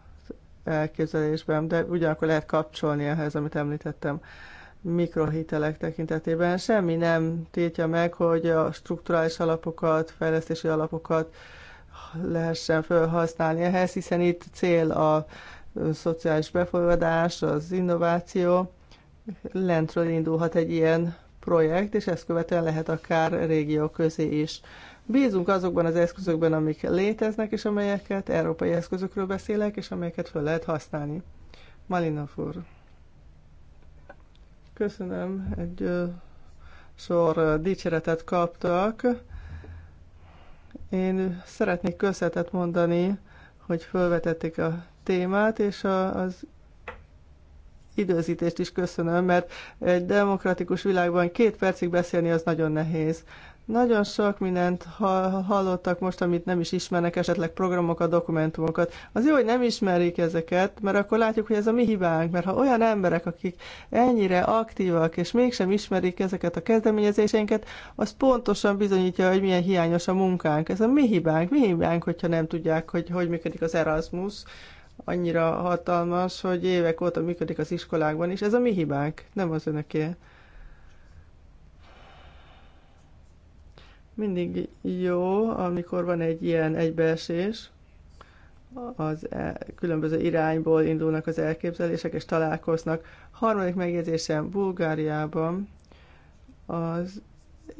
elképzelésben, de ugyanakkor lehet kapcsolni ehhez, amit említettem mikrohitelek tekintetében semmi nem tiltja meg, hogy a strukturális alapokat, fejlesztési alapokat lehessen felhasználni ehhez, hiszen itt cél a szociális befogadás, az innováció. Lentről indulhat egy ilyen projekt, és ezt követően lehet akár régió közé is. Bízunk azokban az eszközökben, amik léteznek, és amelyeket, európai eszközökről beszélek, és amelyeket fel lehet használni. Malinov úr. Köszönöm, egy sor dicséretet kaptak. Én szeretnék köszönetet mondani, hogy felvetették a témát, és a, az időzítést is köszönöm, mert egy demokratikus világban két percig beszélni az nagyon nehéz. Nagyon sok mindent hallottak most, amit nem is ismernek, esetleg programokat, dokumentumokat. Az jó, hogy nem ismerik ezeket, mert akkor látjuk, hogy ez a mi hibánk, mert ha olyan emberek, akik ennyire aktívak, és mégsem ismerik ezeket a kezdeményezéseinket, az pontosan bizonyítja, hogy milyen hiányos a munkánk. Ez a mi hibánk, mi hibánk, hogyha nem tudják, hogy hogy működik az Erasmus, annyira hatalmas, hogy évek óta működik az iskolákban, is, ez a mi hibánk, nem az önöké. Mindig jó, amikor van egy ilyen egybeesés, az e, különböző irányból indulnak az elképzelések, és találkoznak. Harmadik megjegyzésem Bulgáriában az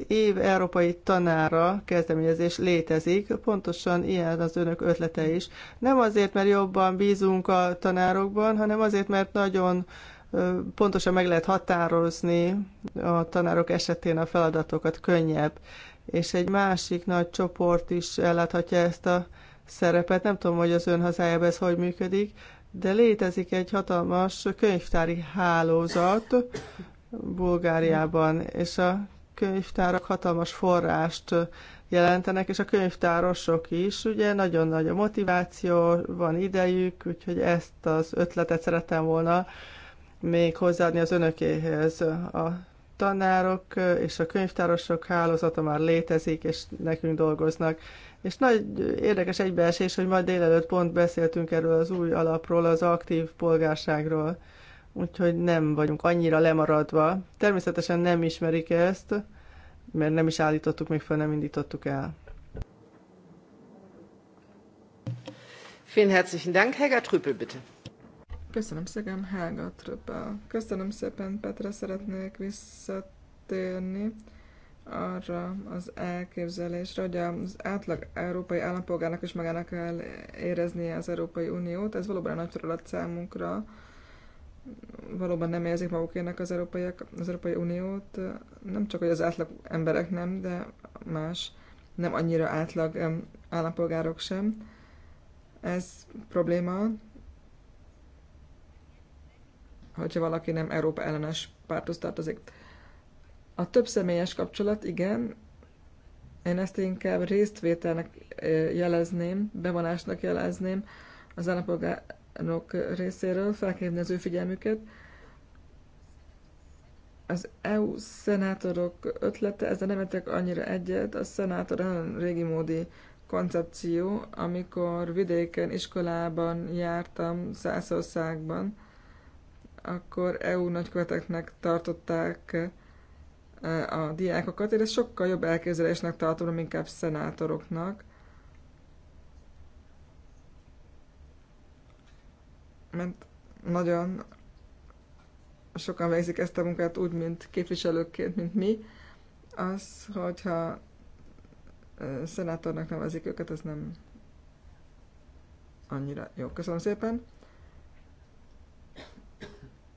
év európai tanára kezdeményezés létezik, pontosan ilyen az önök ötlete is. Nem azért, mert jobban bízunk a tanárokban, hanem azért, mert nagyon pontosan meg lehet határozni a tanárok esetén a feladatokat könnyebb és egy másik nagy csoport is elláthatja ezt a szerepet. Nem tudom, hogy az ön hazájában ez hogy működik, de létezik egy hatalmas könyvtári hálózat Bulgáriában, és a könyvtárak hatalmas forrást jelentenek, és a könyvtárosok is, ugye nagyon nagy a motiváció, van idejük, úgyhogy ezt az ötletet szerettem volna még hozzáadni az önökéhez. A tanárok és a könyvtárosok hálózata már létezik, és nekünk dolgoznak. És nagy érdekes egybeesés, hogy ma délelőtt pont beszéltünk erről az új alapról, az aktív polgárságról. Úgyhogy nem vagyunk annyira lemaradva. Természetesen nem ismerik ezt, mert nem is állítottuk még fel, nem indítottuk el. Vielen herzlichen Dank, Helga Trüppel, bitte. Köszönöm szépen, Helga Tröppel. Köszönöm szépen, Petra, szeretnék visszatérni arra az elképzelésre, hogy az átlag európai állampolgárnak is magának kell éreznie az Európai Uniót. Ez valóban egy nagy feladat számunkra. Valóban nem érzik magukének az, európaiak, az Európai Uniót. Nem csak, hogy az átlag emberek nem, de más nem annyira átlag állampolgárok sem. Ez probléma, hogyha valaki nem Európa ellenes párthoz tartozik. A több személyes kapcsolat, igen, én ezt inkább résztvételnek jelezném, bevonásnak jelezném az állampolgárok részéről, felkérni az ő figyelmüket. Az EU szenátorok ötlete, ezzel nem értek annyira egyet, a szenátor olyan régi módi koncepció, amikor vidéken, iskolában jártam, Szászországban, akkor EU nagyköveteknek tartották e, a diákokat. Én ezt sokkal jobb elképzelésnek tartom, inkább szenátoroknak. Mert nagyon sokan végzik ezt a munkát úgy, mint képviselőként, mint mi. Az, hogyha e, szenátornak nevezik őket, az nem annyira jó. Köszönöm szépen!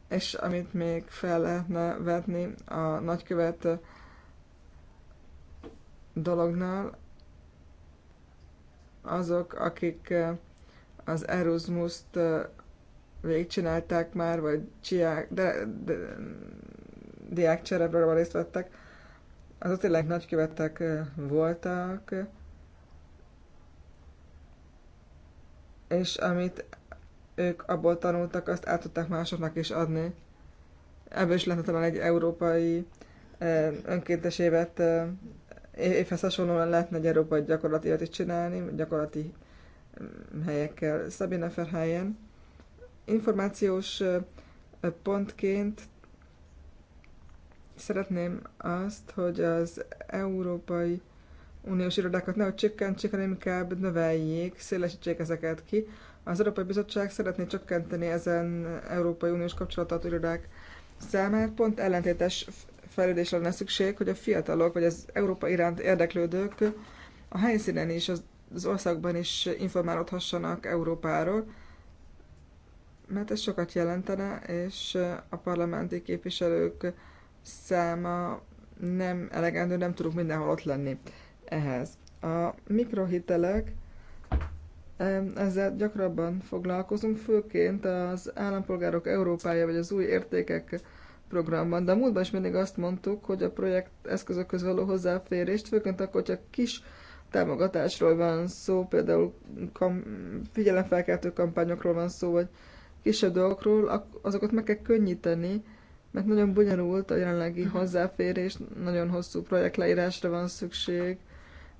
és amit még fel lehetne vetni a nagykövet dolognál, azok, akik eh, az Erasmus-t eh, végigcsinálták már, vagy csiák, de, de, de diák cserebről részt vettek, azok tényleg nagykövetek eh, voltak, és amit ők abból tanultak, azt át tudták másoknak is adni. Ebből is lehetne talán egy európai önkéntes évet, évhez hasonlóan lehetne egy európai gyakorlati évet is csinálni, gyakorlati mm, helyekkel. Szabina Ferhelyen információs pontként szeretném azt, hogy az Európai Uniós irodákat nehogy csökkentsék, hanem inkább növeljék, szélesítsék ezeket ki, az Európai Bizottság szeretné csökkenteni ezen Európai Uniós kapcsolatot irodák számát. Pont ellentétes fejlődésre lenne szükség, hogy a fiatalok vagy az Európa iránt érdeklődők a helyszínen is, az, az országban is informálódhassanak Európáról, mert ez sokat jelentene, és a parlamenti képviselők száma nem elegendő, nem tudunk mindenhol ott lenni ehhez. A mikrohitelek ezzel gyakrabban foglalkozunk, főként az Állampolgárok Európája vagy az Új Értékek programban. De a múltban is mindig azt mondtuk, hogy a projekt eszközökhöz való hozzáférést, főként akkor, hogyha kis támogatásról van szó, például kam- figyelemfelkeltő kampányokról van szó, vagy kisebb dolgokról, azokat meg kell könnyíteni, mert nagyon bonyolult a jelenlegi mhm. hozzáférés, nagyon hosszú projektleírásra van szükség,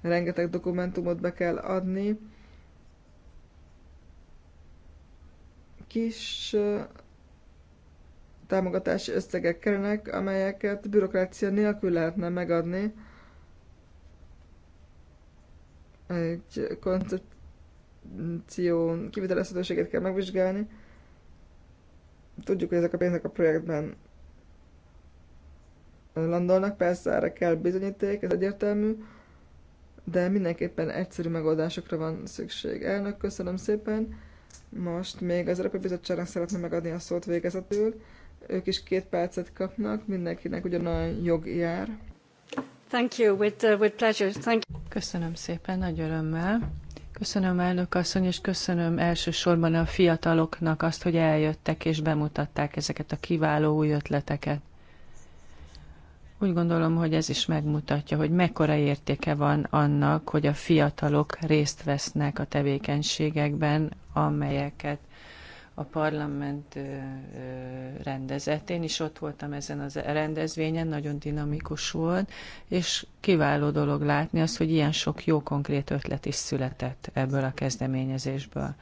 rengeteg dokumentumot be kell adni, kis támogatási összegek kellenek, amelyeket bürokrácia nélkül lehetne megadni egy koncepció kivitelezhetőségét kell megvizsgálni. Tudjuk, hogy ezek a pénzek a projektben landolnak, persze erre kell bizonyíték, ez egyértelmű, de mindenképpen egyszerű megoldásokra van szükség. Elnök, köszönöm szépen! Most még az Európai Bizottságnak szeretném megadni a szót végezetül. Ők is két percet kapnak, mindenkinek ugyanolyan jog jár. Thank you, with, uh, with pleasure. Thank you. Köszönöm szépen, nagy örömmel. Köszönöm, elnök asszony, és köszönöm elsősorban a fiataloknak azt, hogy eljöttek és bemutatták ezeket a kiváló új ötleteket. Úgy gondolom, hogy ez is megmutatja, hogy mekkora értéke van annak, hogy a fiatalok részt vesznek a tevékenységekben, amelyeket a parlament rendezett. Én is ott voltam ezen a rendezvényen, nagyon dinamikus volt, és kiváló dolog látni azt, hogy ilyen sok jó konkrét ötlet is született ebből a kezdeményezésből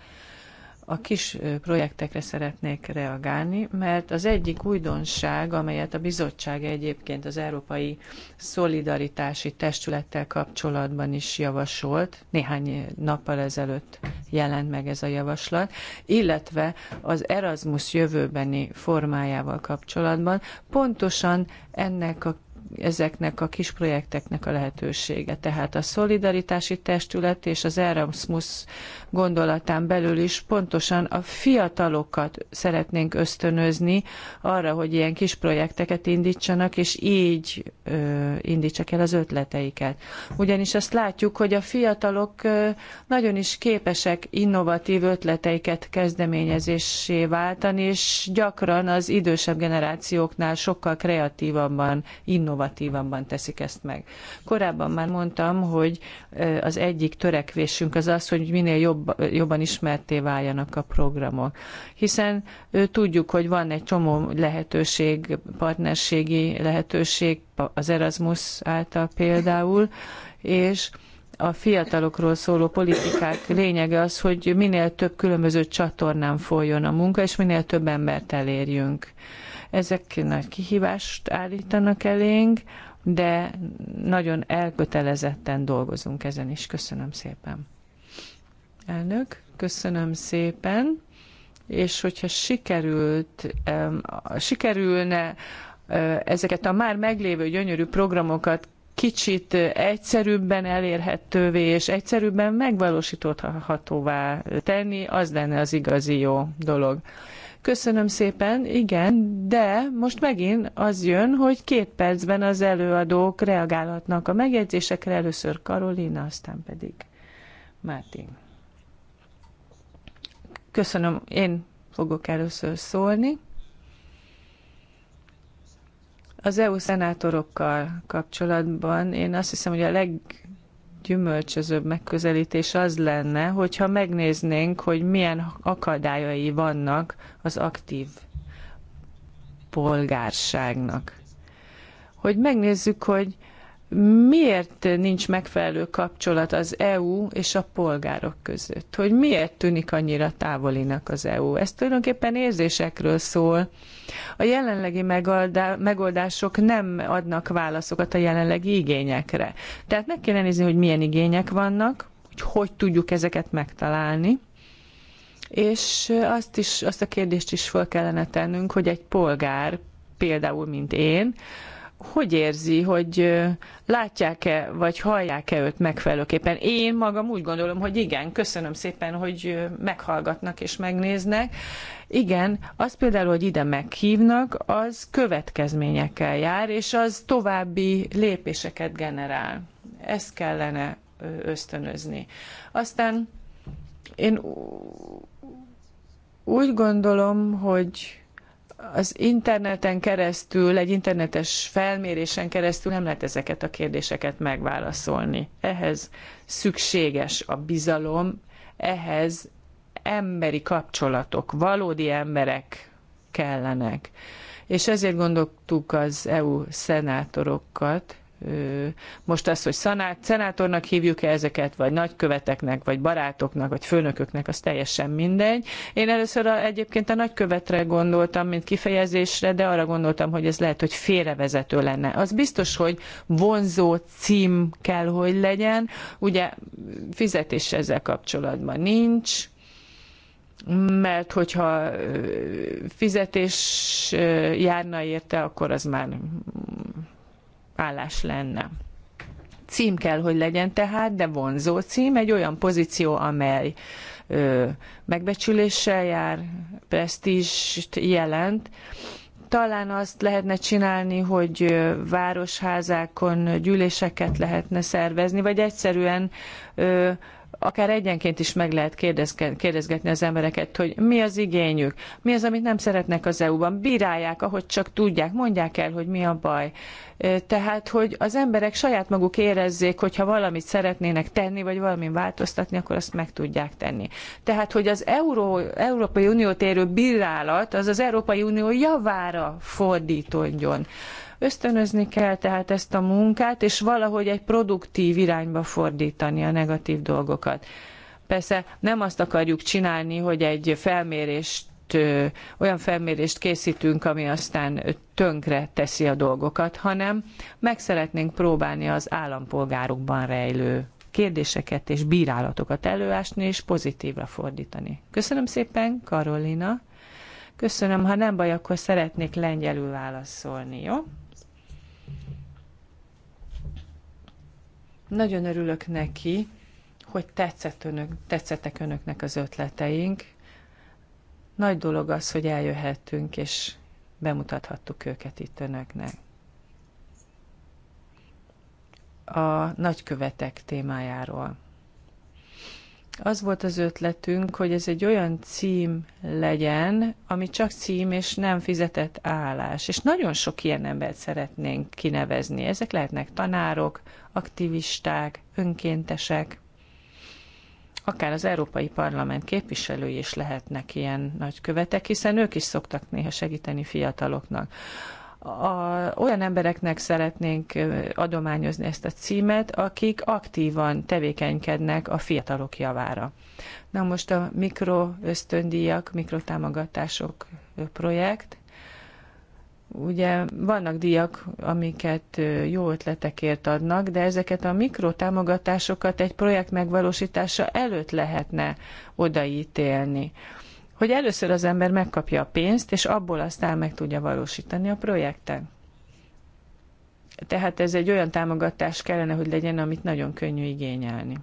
a kis projektekre szeretnék reagálni, mert az egyik újdonság, amelyet a bizottság egyébként az Európai Szolidaritási Testülettel kapcsolatban is javasolt, néhány nappal ezelőtt jelent meg ez a javaslat, illetve az Erasmus jövőbeni formájával kapcsolatban pontosan ennek a ezeknek a kis projekteknek a lehetősége. Tehát a szolidaritási testület és az Erasmus gondolatán belül is pontosan a fiatalokat szeretnénk ösztönözni arra, hogy ilyen kis projekteket indítsanak, és így ö, el az ötleteiket. Ugyanis azt látjuk, hogy a fiatalok ö, nagyon is képesek innovatív ötleteiket kezdeményezésé váltani, és gyakran az idősebb generációknál sokkal kreatívabban, innovatívabban teszik ezt meg. Korábban már mondtam, hogy az egyik törekvésünk az az, hogy minél jobb jobb, jobban ismerté váljanak a programok. Hiszen tudjuk, hogy van egy csomó lehetőség, partnerségi lehetőség, az Erasmus által például, és a fiatalokról szóló politikák lényege az, hogy minél több különböző csatornán folyjon a munka, és minél több embert elérjünk. Ezek nagy kihívást állítanak elénk, de nagyon elkötelezetten dolgozunk ezen is. Köszönöm szépen. Elnök, köszönöm szépen, és hogyha sikerült, sikerülne ezeket a már meglévő gyönyörű programokat kicsit egyszerűbben elérhetővé és egyszerűbben megvalósíthatóvá tenni, az lenne az igazi jó dolog. Köszönöm szépen, igen, de most megint az jön, hogy két percben az előadók reagálhatnak a megjegyzésekre, először Karolina, aztán pedig Mártin. Köszönöm, én fogok először szólni. Az EU szenátorokkal kapcsolatban én azt hiszem, hogy a leggyümölcsözőbb megközelítés az lenne, hogyha megnéznénk, hogy milyen akadályai vannak az aktív polgárságnak. Hogy megnézzük, hogy miért nincs megfelelő kapcsolat az EU és a polgárok között? Hogy miért tűnik annyira távolinak az EU? Ez tulajdonképpen érzésekről szól. A jelenlegi megoldások nem adnak válaszokat a jelenlegi igényekre. Tehát meg kéne nézni, hogy milyen igények vannak, hogy hogy tudjuk ezeket megtalálni, és azt, is, azt a kérdést is fel kellene tennünk, hogy egy polgár, például mint én, hogy érzi, hogy látják-e, vagy hallják-e őt megfelelőképpen. Én magam úgy gondolom, hogy igen, köszönöm szépen, hogy meghallgatnak és megnéznek. Igen, az például, hogy ide meghívnak, az következményekkel jár, és az további lépéseket generál. Ezt kellene ösztönözni. Aztán én úgy gondolom, hogy az interneten keresztül, egy internetes felmérésen keresztül nem lehet ezeket a kérdéseket megválaszolni. Ehhez szükséges a bizalom, ehhez emberi kapcsolatok, valódi emberek kellenek. És ezért gondoltuk az EU szenátorokat, most az, hogy szanát, szenátornak hívjuk-e ezeket, vagy nagyköveteknek, vagy barátoknak, vagy főnököknek, az teljesen mindegy. Én először a, egyébként a nagykövetre gondoltam, mint kifejezésre, de arra gondoltam, hogy ez lehet, hogy félrevezető lenne. Az biztos, hogy vonzó cím kell, hogy legyen. Ugye fizetés ezzel kapcsolatban nincs, mert hogyha fizetés járna érte, akkor az már állás lenne. Cím kell, hogy legyen tehát, de vonzó cím, egy olyan pozíció, amely ö, megbecsüléssel jár, presztízst jelent, talán azt lehetne csinálni, hogy városházákon gyűléseket lehetne szervezni, vagy egyszerűen akár egyenként is meg lehet kérdezgetni az embereket, hogy mi az igényük, mi az, amit nem szeretnek az EU-ban, bírálják, ahogy csak tudják, mondják el, hogy mi a baj. Tehát, hogy az emberek saját maguk érezzék, hogyha valamit szeretnének tenni, vagy valamin változtatni, akkor azt meg tudják tenni. Tehát, hogy az Euró, Európai Uniót érő bírálat az az Európai Unió javára fordítódjon. Ösztönözni kell tehát ezt a munkát, és valahogy egy produktív irányba fordítani a negatív dolgokat. Persze nem azt akarjuk csinálni, hogy egy felmérést olyan felmérést készítünk, ami aztán tönkre teszi a dolgokat, hanem meg szeretnénk próbálni az állampolgárokban rejlő kérdéseket és bírálatokat előásni és pozitívra fordítani. Köszönöm szépen, Karolina. Köszönöm, ha nem baj, akkor szeretnék lengyelül válaszolni, jó? Nagyon örülök neki, hogy tetszett önök, tetszettek önöknek az ötleteink. Nagy dolog az, hogy eljöhettünk, és bemutathattuk őket itt önöknek. A nagykövetek témájáról az volt az ötletünk, hogy ez egy olyan cím legyen, ami csak cím és nem fizetett állás. És nagyon sok ilyen embert szeretnénk kinevezni. Ezek lehetnek tanárok, aktivisták, önkéntesek, akár az Európai Parlament képviselői is lehetnek ilyen nagykövetek, hiszen ők is szoktak néha segíteni fiataloknak a, olyan embereknek szeretnénk adományozni ezt a címet, akik aktívan tevékenykednek a fiatalok javára. Na most a mikroösztöndíjak, mikrotámogatások projekt. Ugye vannak díjak, amiket jó ötletekért adnak, de ezeket a mikrotámogatásokat egy projekt megvalósítása előtt lehetne odaítélni hogy először az ember megkapja a pénzt, és abból aztán meg tudja valósítani a projekten. Tehát ez egy olyan támogatás kellene, hogy legyen, amit nagyon könnyű igényelni.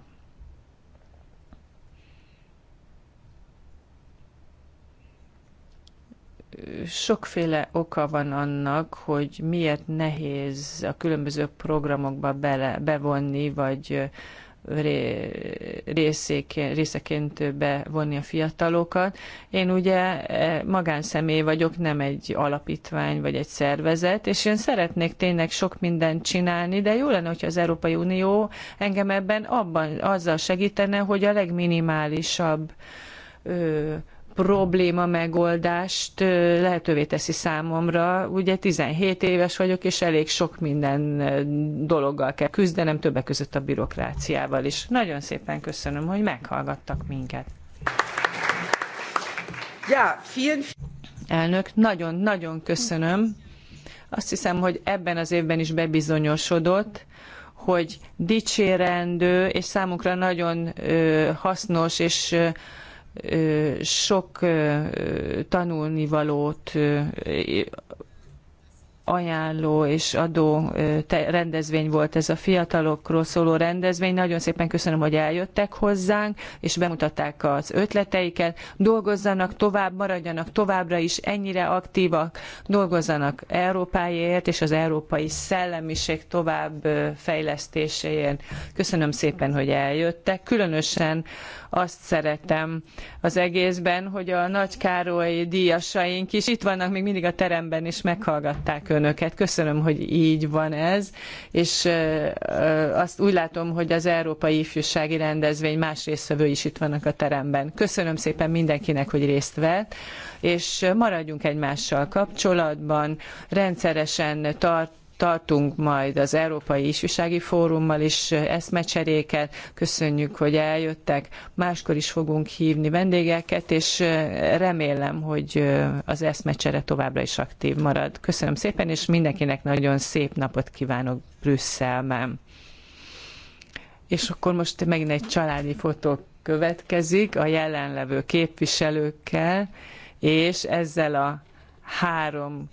Sokféle oka van annak, hogy miért nehéz a különböző programokba bele, bevonni, vagy részéként, részeként bevonni a fiatalokat. Én ugye e, magánszemély vagyok, nem egy alapítvány vagy egy szervezet, és én szeretnék tényleg sok mindent csinálni, de jó lenne, hogyha az Európai Unió engem ebben abban azzal segítene, hogy a legminimálisabb ö, probléma megoldást lehetővé teszi számomra. Ugye 17 éves vagyok, és elég sok minden dologgal kell küzdenem, többek között a bürokráciával is. Nagyon szépen köszönöm, hogy meghallgattak minket. Ja, vielen... Elnök, nagyon-nagyon köszönöm. Azt hiszem, hogy ebben az évben is bebizonyosodott, hogy dicsérendő és számunkra nagyon hasznos és sok tanulnivalót ajánló és adó rendezvény volt ez a fiatalokról szóló rendezvény. Nagyon szépen köszönöm, hogy eljöttek hozzánk, és bemutatták az ötleteiket. Dolgozzanak tovább, maradjanak továbbra is ennyire aktívak, dolgozzanak Európáért és az európai szellemiség tovább fejlesztéséért. Köszönöm szépen, hogy eljöttek. Különösen azt szeretem az egészben, hogy a Nagy Károly díjasaink is itt vannak, még mindig a teremben is meghallgatták önöket. Köszönöm, hogy így van ez, és azt úgy látom, hogy az Európai Ifjúsági Rendezvény más résztvevő is itt vannak a teremben. Köszönöm szépen mindenkinek, hogy részt vett, és maradjunk egymással kapcsolatban, rendszeresen tart tartunk majd az Európai Ifjúsági Fórummal is eszmecseréket. Köszönjük, hogy eljöttek. Máskor is fogunk hívni vendégeket, és remélem, hogy az eszmecsere továbbra is aktív marad. Köszönöm szépen, és mindenkinek nagyon szép napot kívánok Brüsszelben. És akkor most megint egy családi fotó következik a jelenlevő képviselőkkel, és ezzel a három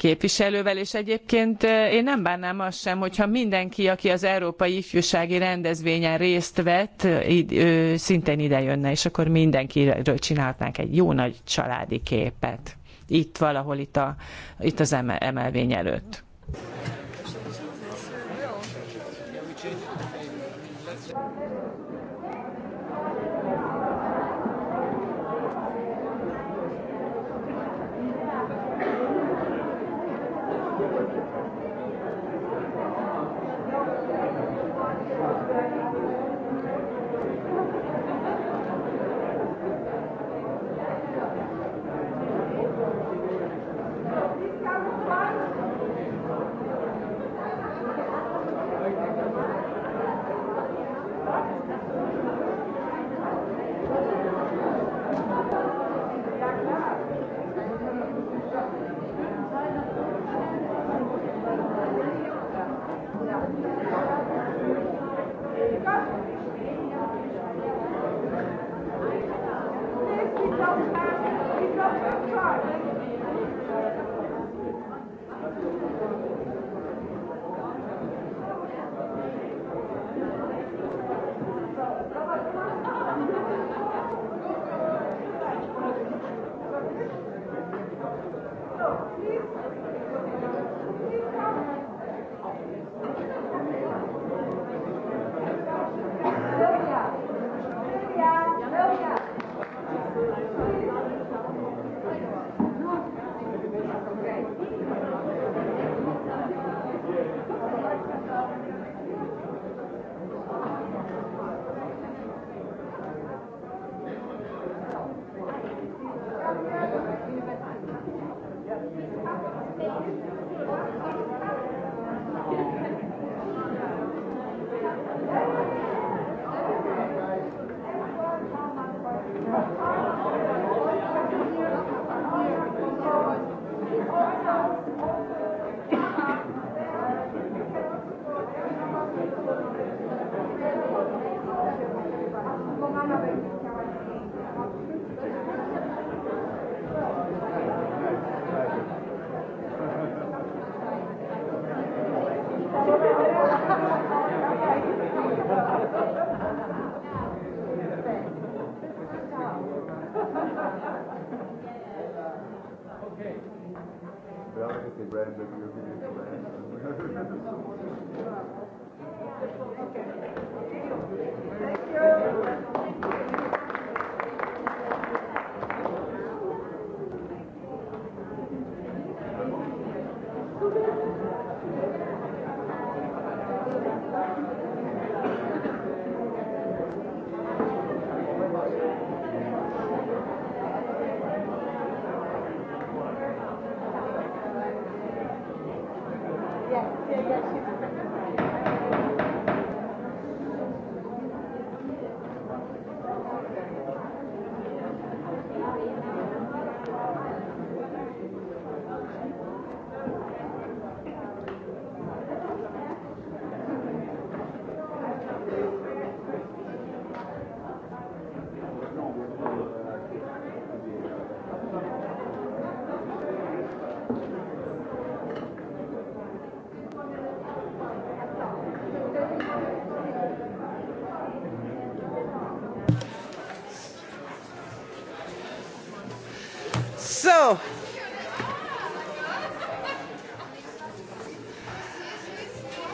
képviselővel, és egyébként én nem bánnám azt sem, hogyha mindenki, aki az Európai Ifjúsági Rendezvényen részt vett, szintén ide jönne, és akkor mindenkiről csinálhatnánk egy jó nagy családi képet. Itt valahol, itt, a, itt az emelvény előtt. Thank you.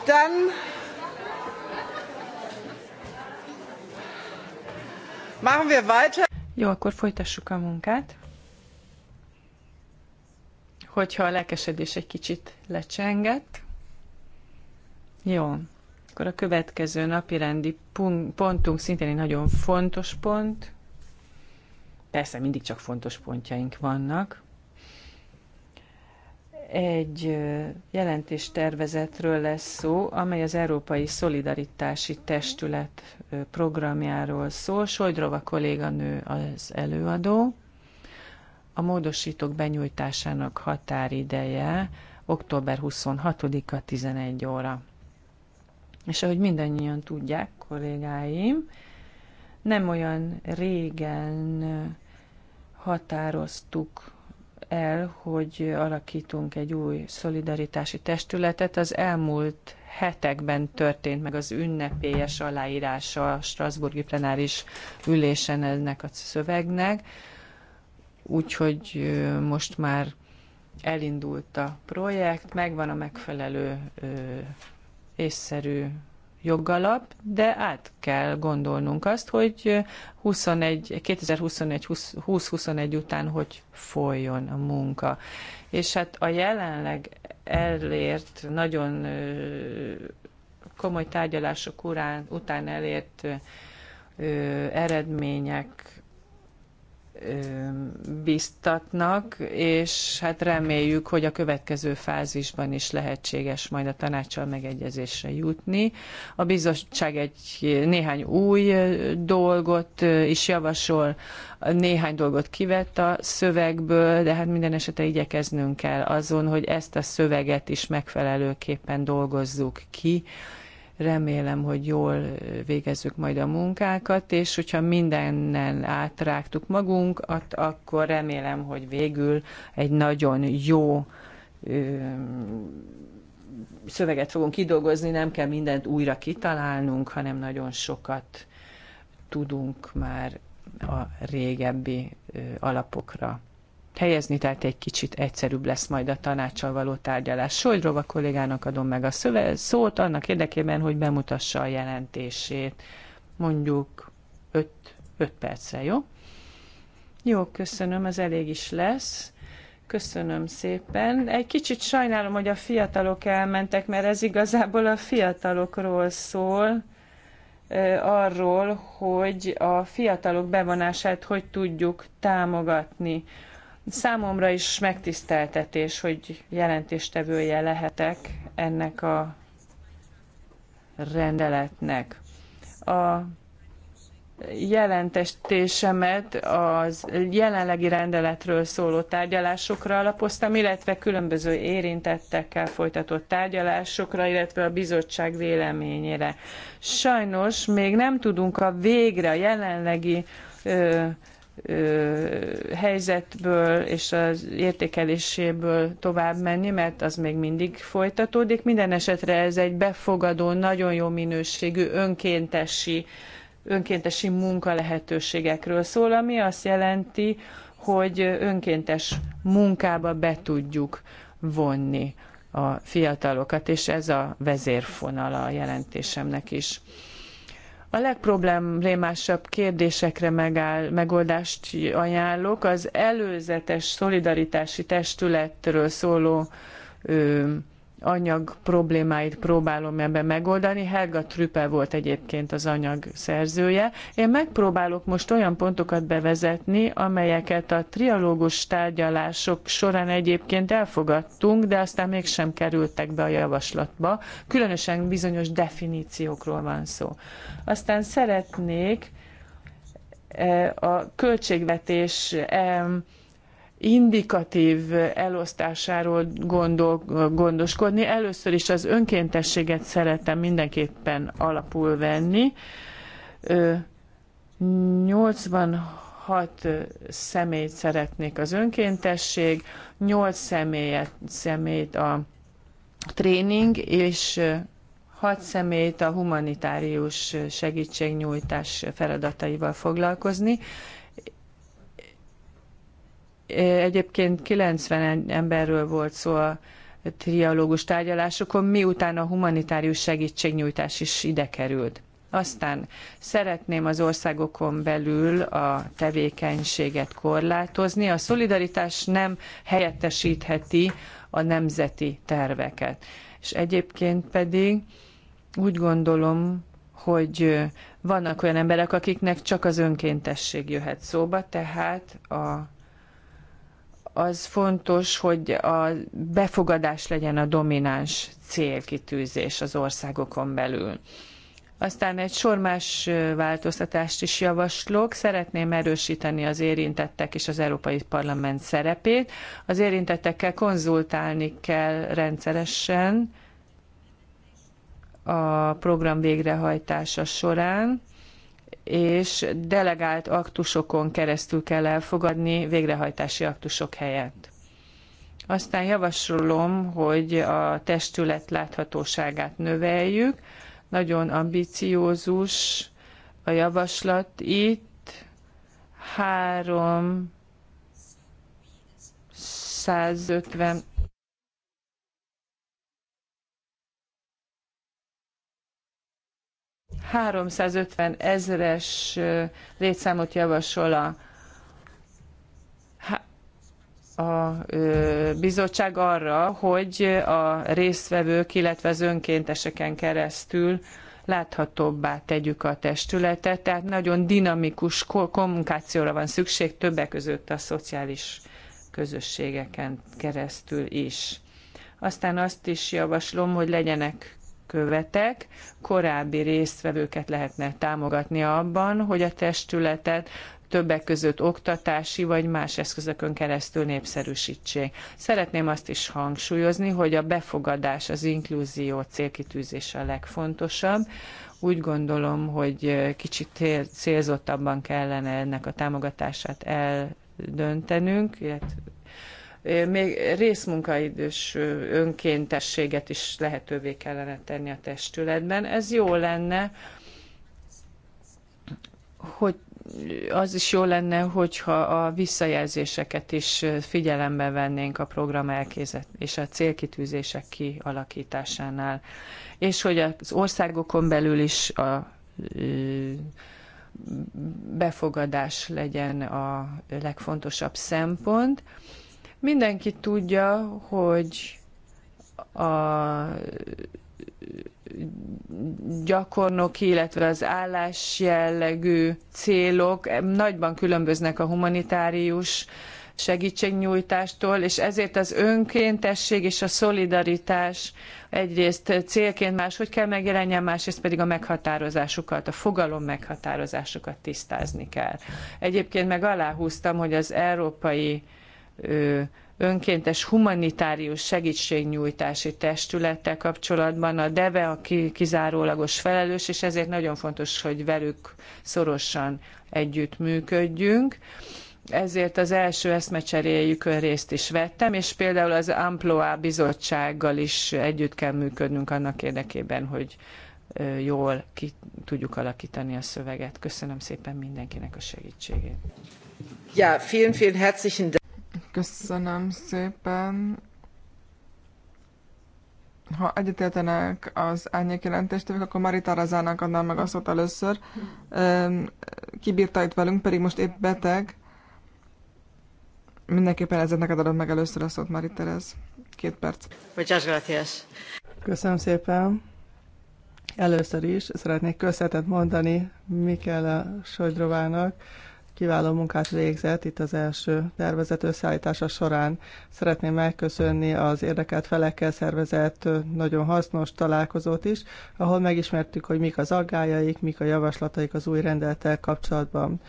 Dann machen wir weiter. Jó, akkor folytassuk a munkát. Hogyha a lelkesedés egy kicsit lecsengett. Jó, akkor a következő napi rendi pontunk szintén egy nagyon fontos pont. Persze mindig csak fontos pontjaink vannak egy jelentéstervezetről lesz szó, amely az Európai Szolidaritási Testület programjáról szól. Sojdrova kolléganő az előadó. A módosítók benyújtásának határideje október 26-a 11 óra. És ahogy mindannyian tudják, kollégáim, nem olyan régen határoztuk el, hogy alakítunk egy új szolidaritási testületet. Az elmúlt hetekben történt meg az ünnepélyes aláírása a Strasburgi plenáris ülésen ennek a szövegnek, úgyhogy most már elindult a projekt, megvan a megfelelő észszerű jogalap, de át kell gondolnunk azt, hogy 2021-2021 után hogy folyjon a munka. És hát a jelenleg elért, nagyon komoly tárgyalások után elért eredmények biztatnak, és hát reméljük, hogy a következő fázisban is lehetséges majd a tanácssal megegyezésre jutni. A bizottság egy néhány új dolgot is javasol, néhány dolgot kivett a szövegből, de hát minden esetre igyekeznünk kell azon, hogy ezt a szöveget is megfelelőképpen dolgozzuk ki, Remélem, hogy jól végezzük majd a munkákat, és hogyha mindennel átrágtuk magunkat, akkor remélem, hogy végül egy nagyon jó ö, szöveget fogunk kidolgozni, nem kell mindent újra kitalálnunk, hanem nagyon sokat tudunk már a régebbi alapokra helyezni, tehát egy kicsit egyszerűbb lesz majd a tanácssal való tárgyalás. Sojdrova kollégának adom meg a szöve, szót annak érdekében, hogy bemutassa a jelentését. Mondjuk 5 percre, jó? Jó, köszönöm, ez elég is lesz. Köszönöm szépen. Egy kicsit sajnálom, hogy a fiatalok elmentek, mert ez igazából a fiatalokról szól, arról, hogy a fiatalok bevonását hogy tudjuk támogatni. Számomra is megtiszteltetés, hogy jelentéstevője lehetek ennek a rendeletnek. A jelentésemet az jelenlegi rendeletről szóló tárgyalásokra alapoztam, illetve különböző érintettekkel folytatott tárgyalásokra, illetve a bizottság véleményére. Sajnos még nem tudunk a végre, a jelenlegi ö, helyzetből és az értékeléséből tovább menni, mert az még mindig folytatódik. Minden esetre ez egy befogadó, nagyon jó minőségű, önkéntesi, önkéntesi munka lehetőségekről szól, ami azt jelenti, hogy önkéntes munkába be tudjuk vonni a fiatalokat, és ez a vezérfonala a jelentésemnek is. A legproblémásabb kérdésekre megáll, megoldást ajánlok. Az előzetes szolidaritási testületről szóló ö, anyag problémáit próbálom ebben megoldani. Helga Trüpe volt egyébként az anyag szerzője. Én megpróbálok most olyan pontokat bevezetni, amelyeket a trialógus tárgyalások során egyébként elfogadtunk, de aztán mégsem kerültek be a javaslatba. Különösen bizonyos definíciókról van szó. Aztán szeretnék eh, a költségvetés indikatív elosztásáról gondol, gondoskodni. Először is az önkéntességet szeretem mindenképpen alapul venni. 86 személyt szeretnék az önkéntesség, 8 személyet, személyt a tréning, és 6 személyt a humanitárius segítségnyújtás feladataival foglalkozni, Egyébként 90 emberről volt szó a trialógus tárgyalásokon, miután a humanitárius segítségnyújtás is ide került. Aztán szeretném az országokon belül a tevékenységet korlátozni. A szolidaritás nem helyettesítheti a nemzeti terveket. És egyébként pedig úgy gondolom, hogy vannak olyan emberek, akiknek csak az önkéntesség jöhet szóba, tehát a az fontos, hogy a befogadás legyen a domináns célkitűzés az országokon belül. Aztán egy sor más változtatást is javaslok. Szeretném erősíteni az érintettek és az Európai Parlament szerepét. Az érintettekkel konzultálni kell rendszeresen a program végrehajtása során és delegált aktusokon keresztül kell elfogadni végrehajtási aktusok helyett. Aztán javasolom, hogy a testület láthatóságát növeljük. Nagyon ambiciózus a javaslat itt. Három 150 350 ezres létszámot javasol a, a bizottság arra, hogy a résztvevők, illetve az önkénteseken keresztül láthatóbbá tegyük a testületet, tehát nagyon dinamikus kommunikációra van szükség többek között a szociális közösségeken keresztül is. Aztán azt is javaslom, hogy legyenek követek, korábbi résztvevőket lehetne támogatni abban, hogy a testületet többek között oktatási vagy más eszközökön keresztül népszerűsítsék. Szeretném azt is hangsúlyozni, hogy a befogadás, az inkluzió célkitűzése a legfontosabb. Úgy gondolom, hogy kicsit célzottabban kellene ennek a támogatását eldöntenünk, illetve még részmunkaidős önkéntességet is lehetővé kellene tenni a testületben. Ez jó lenne, hogy az is jó lenne, hogyha a visszajelzéseket is figyelembe vennénk a program elkézet és a célkitűzések kialakításánál, és hogy az országokon belül is a befogadás legyen a legfontosabb szempont Mindenki tudja, hogy a gyakornok, illetve az állás jellegű célok nagyban különböznek a humanitárius segítségnyújtástól, és ezért az önkéntesség és a szolidaritás egyrészt célként máshogy kell megjelenjen, másrészt pedig a meghatározásukat, a fogalom meghatározásukat tisztázni kell. Egyébként meg aláhúztam, hogy az európai önkéntes humanitárius segítségnyújtási testülettel kapcsolatban a DEVE a kizárólagos felelős, és ezért nagyon fontos, hogy velük szorosan együttműködjünk. Ezért az első eszmecseréjükön részt is vettem, és például az Amploa bizottsággal is együtt kell működnünk annak érdekében, hogy jól ki tudjuk alakítani a szöveget. Köszönöm szépen mindenkinek a segítségét. Ja, vielen, vielen herzlichen Dank. Köszönöm szépen. Ha egyetértenek az árnyék jelentéstevők, akkor Marita Razának adnám meg a szót először. Kibírta itt velünk, pedig most épp beteg. Mindenképpen ezért neked adom meg először a szót, Marit Terez. Két perc. Muchas gracias. Köszönöm szépen. Először is szeretnék köszönetet mondani Mikela Sojdrovának, kiváló munkát végzett itt az első tervezet összeállítása során. Szeretném megköszönni az érdekelt felekkel szervezett nagyon hasznos találkozót is, ahol megismertük, hogy mik az aggájaik, mik a javaslataik az új rendelettel kapcsolatban.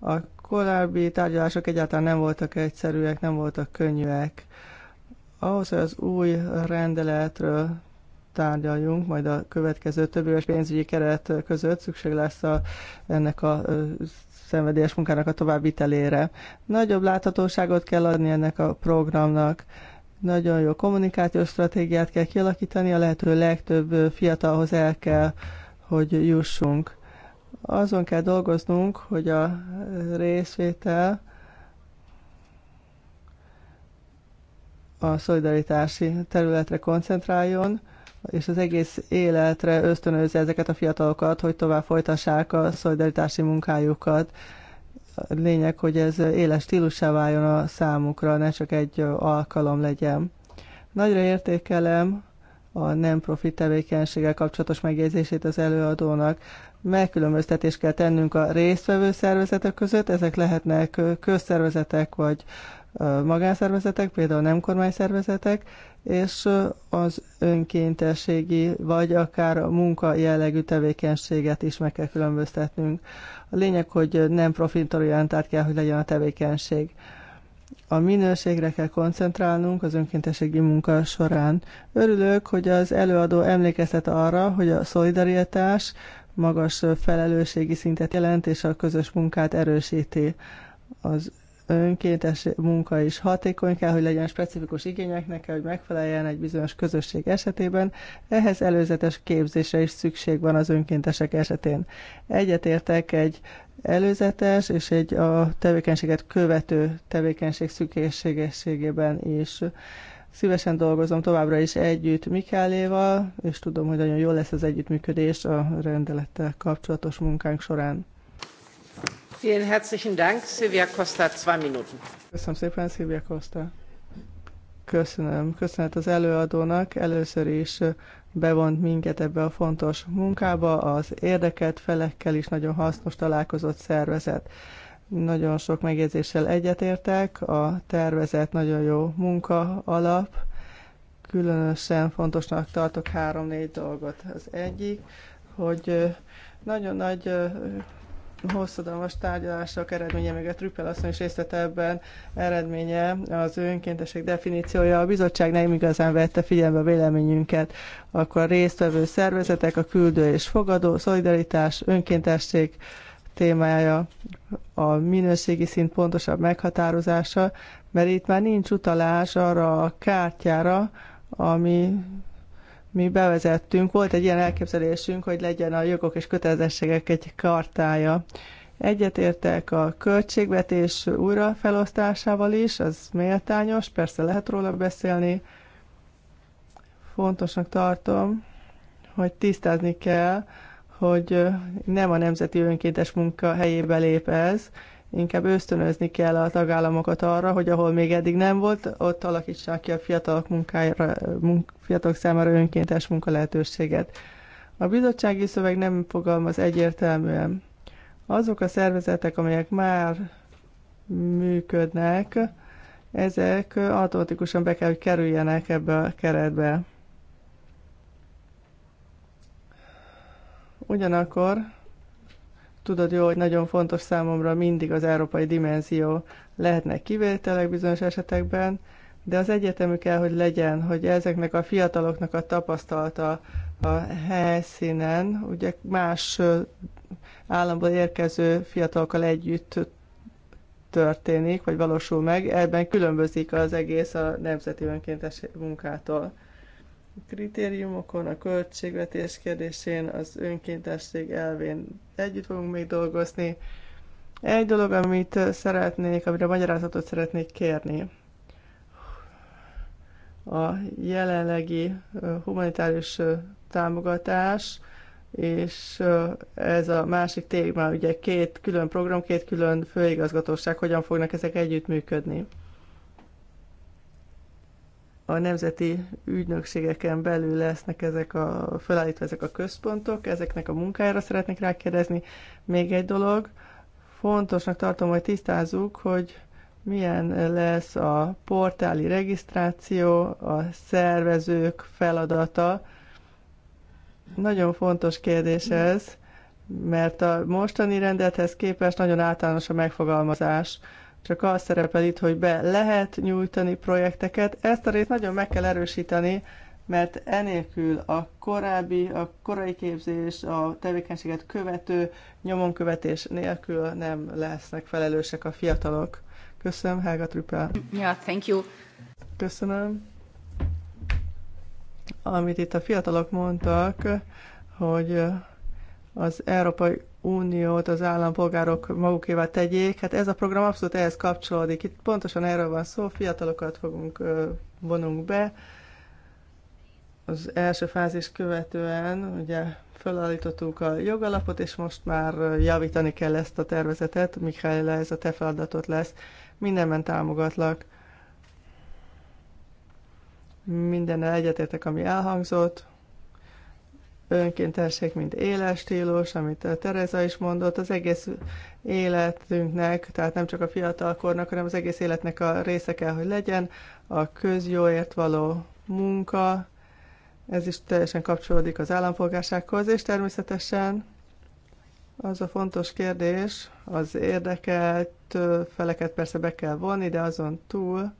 A korábbi tárgyalások egyáltalán nem voltak egyszerűek, nem voltak könnyűek. Ahhoz, hogy az új rendeletről tárgyaljunk, majd a következő több éves pénzügyi keret között szükség lesz a, ennek a szenvedélyes munkának a továbbvitelére. Nagyobb láthatóságot kell adni ennek a programnak. Nagyon jó kommunikációs stratégiát kell kialakítani, a lehető legtöbb fiatalhoz el kell, hogy jussunk. Azon kell dolgoznunk, hogy a részvétel a szolidaritási területre koncentráljon, és az egész életre ösztönözi ezeket a fiatalokat, hogy tovább folytassák a szolidaritási munkájukat. A lényeg, hogy ez éles stílusá váljon a számukra, ne csak egy alkalom legyen. Nagyra értékelem a nem profit tevékenységgel kapcsolatos megjegyzését az előadónak. Megkülönböztetést kell tennünk a résztvevő szervezetek között, ezek lehetnek közszervezetek vagy magánszervezetek, például nem kormányszervezetek, és az önkéntességi, vagy akár a munka jellegű tevékenységet is meg kell különböztetnünk. A lényeg, hogy nem profitorientált kell, hogy legyen a tevékenység. A minőségre kell koncentrálnunk az önkéntességi munka során. Örülök, hogy az előadó emlékeztet arra, hogy a szolidaritás magas felelősségi szintet jelent, és a közös munkát erősíti. Az önkéntes munka is hatékony kell, hogy legyen specifikus igényeknek, kell, hogy megfeleljen egy bizonyos közösség esetében. Ehhez előzetes képzésre is szükség van az önkéntesek esetén. Egyetértek egy előzetes és egy a tevékenységet követő tevékenység szükségességében is. Szívesen dolgozom továbbra is együtt Mikáléval, és tudom, hogy nagyon jó lesz az együttműködés a rendelettel kapcsolatos munkánk során. Vielen herzlichen Dank, Silvia Costa, zwei Minuten. Köszönöm szépen, Silvia Costa. Köszönöm. Köszönet az előadónak. Először is bevont minket ebbe a fontos munkába. Az érdeket felekkel is nagyon hasznos találkozott szervezet. Nagyon sok megjegyzéssel egyetértek. A tervezet nagyon jó munka alap. Különösen fontosnak tartok három-négy dolgot. Az egyik, hogy nagyon nagy hosszadalmas tárgyalások eredménye, meg a Trüppel asszony is részlet ebben eredménye, az önkéntesek definíciója. A bizottság nem igazán vette figyelembe a véleményünket. Akkor a résztvevő szervezetek, a küldő és fogadó, szolidaritás, önkéntesség témája, a minőségi szint pontosabb meghatározása, mert itt már nincs utalás arra a kártyára, ami mi bevezettünk, volt egy ilyen elképzelésünk, hogy legyen a jogok és kötelezettségek egy kartája. Egyetértek a költségvetés újrafelosztásával is, az méltányos, persze lehet róla beszélni. Fontosnak tartom, hogy tisztázni kell, hogy nem a nemzeti önkéntes munka helyébe lép ez, Inkább ösztönözni kell a tagállamokat arra, hogy ahol még eddig nem volt, ott alakítsák ki a fiatalok, munkájára, munk, fiatalok számára önkéntes munkalehetőséget. A bizottsági szöveg nem fogalmaz egyértelműen. Azok a szervezetek, amelyek már működnek, ezek automatikusan be kell, hogy kerüljenek ebbe a keretbe. Ugyanakkor Tudod jó, hogy nagyon fontos számomra mindig az európai dimenzió. Lehetnek kivételek bizonyos esetekben, de az egyetemű kell, hogy legyen, hogy ezeknek a fiataloknak a tapasztalata a helyszínen, ugye más államból érkező fiatalokkal együtt történik, vagy valósul meg, ebben különbözik az egész a nemzeti önkéntes munkától kritériumokon, a költségvetés kérdésén, az önkéntesség elvén együtt fogunk még dolgozni. Egy dolog, amit szeretnék, amire magyarázatot szeretnék kérni. A jelenlegi humanitárius támogatás, és ez a másik téma, ugye két külön program, két külön főigazgatóság, hogyan fognak ezek együttműködni a nemzeti ügynökségeken belül lesznek ezek a, felállítva ezek a központok, ezeknek a munkájára szeretnék rákérdezni. Még egy dolog, fontosnak tartom, hogy tisztázzuk, hogy milyen lesz a portáli regisztráció, a szervezők feladata. Nagyon fontos kérdés ez, mert a mostani rendethez képest nagyon általános a megfogalmazás csak az szerepel itt, hogy be lehet nyújtani projekteket. Ezt a részt nagyon meg kell erősíteni, mert enélkül a korábbi, a korai képzés, a tevékenységet követő nyomonkövetés nélkül nem lesznek felelősek a fiatalok. Köszönöm, Helga Trüppel. Yeah, thank you. Köszönöm. Amit itt a fiatalok mondtak, hogy az Európai Uniót az állampolgárok magukévá tegyék. Hát ez a program abszolút ehhez kapcsolódik. Itt pontosan erről van szó, fiatalokat fogunk vonunk be. Az első fázis követően ugye felállítottuk a jogalapot, és most már javítani kell ezt a tervezetet. Mikhail, ez a te feladatot lesz. Mindenben támogatlak. Minden egyetértek, ami elhangzott önkéntesség, mint élestílus, stílus, amit Tereza is mondott, az egész életünknek, tehát nem csak a fiatalkornak, hanem az egész életnek a része kell, hogy legyen, a közjóért való munka, ez is teljesen kapcsolódik az állampolgársághoz, és természetesen az a fontos kérdés, az érdekelt feleket persze be kell vonni, de azon túl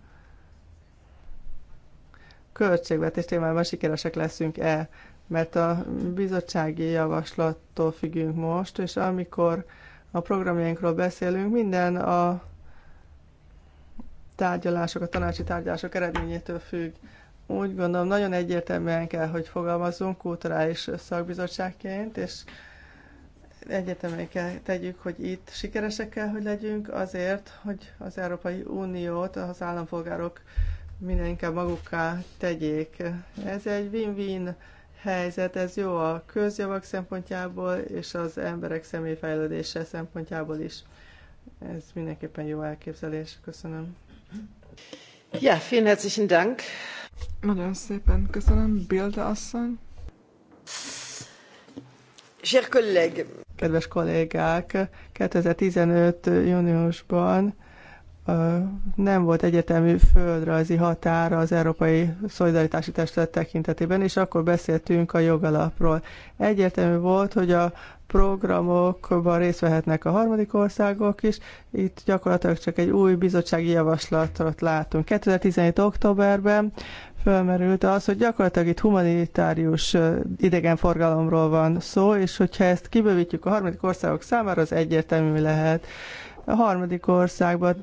költségvetés témában sikeresek leszünk-e mert a bizottsági javaslattól függünk most, és amikor a programjainkról beszélünk, minden a tárgyalások, a tanácsi tárgyalások eredményétől függ. Úgy gondolom, nagyon egyértelműen kell, hogy fogalmazzunk kulturális szakbizottságként, és egyértelműen kell tegyük, hogy itt sikeresek kell, hogy legyünk, azért, hogy az Európai Uniót az állampolgárok minden inkább magukká tegyék. Ez egy win-win helyzet, ez jó a közjavak szempontjából és az emberek személyfejlődése szempontjából is. Ez mindenképpen jó elképzelés. Köszönöm. Ja, vielen herzlichen Dank. Nagyon szépen köszönöm, Bilda asszony. Kedves kollégák, 2015. júniusban nem volt egyetemű földrajzi határa az Európai Szolidaritási Testület tekintetében, és akkor beszéltünk a jogalapról. Egyértelmű volt, hogy a programokban részt vehetnek a harmadik országok is. Itt gyakorlatilag csak egy új bizottsági javaslatot látunk. 2017. októberben fölmerült az, hogy gyakorlatilag itt humanitárius idegenforgalomról van szó, és hogyha ezt kibővítjük a harmadik országok számára, az egyértelmű lehet a harmadik országba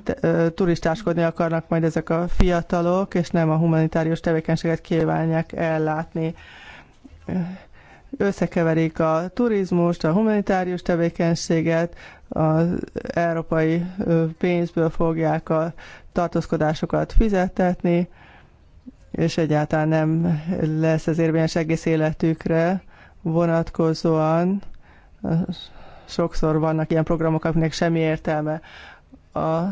turistáskodni akarnak majd ezek a fiatalok, és nem a humanitárius tevékenységet kívánják ellátni. Összekeverik a turizmust, a humanitárius tevékenységet, az európai pénzből fogják a tartózkodásokat fizetetni, és egyáltalán nem lesz az érvényes egész életükre vonatkozóan sokszor vannak ilyen programok, aminek semmi értelme. A...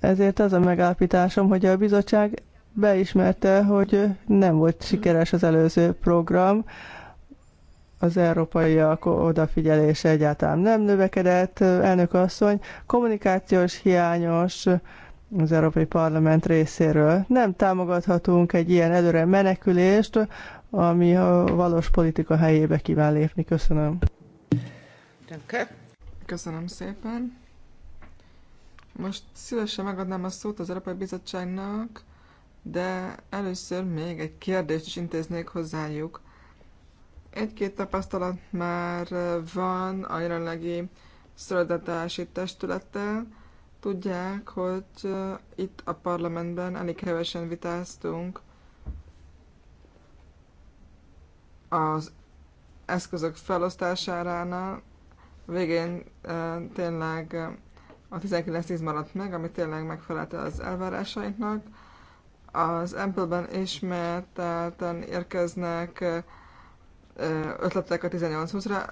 Ezért az a megállapításom, hogy a bizottság beismerte, hogy nem volt sikeres az előző program, az európaiak odafigyelése egyáltalán nem növekedett. Elnök asszony, kommunikációs hiányos az Európai Parlament részéről. Nem támogathatunk egy ilyen előre menekülést, ami a valós politika helyébe kíván lépni. Köszönöm. Köszönöm szépen. Most szívesen megadnám a szót az Európai Bizottságnak, de először még egy kérdést is intéznék hozzájuk. Egy-két tapasztalat már van a jelenlegi szolidaritási testülettel. Tudják, hogy itt a parlamentben elég kevesen vitáztunk az eszközök felosztásáránál végén tényleg a 19-10 maradt meg, ami tényleg megfelelte az elvárásainknak. Az Apple-ben ismételten érkeznek ötletek a 18-20-ra.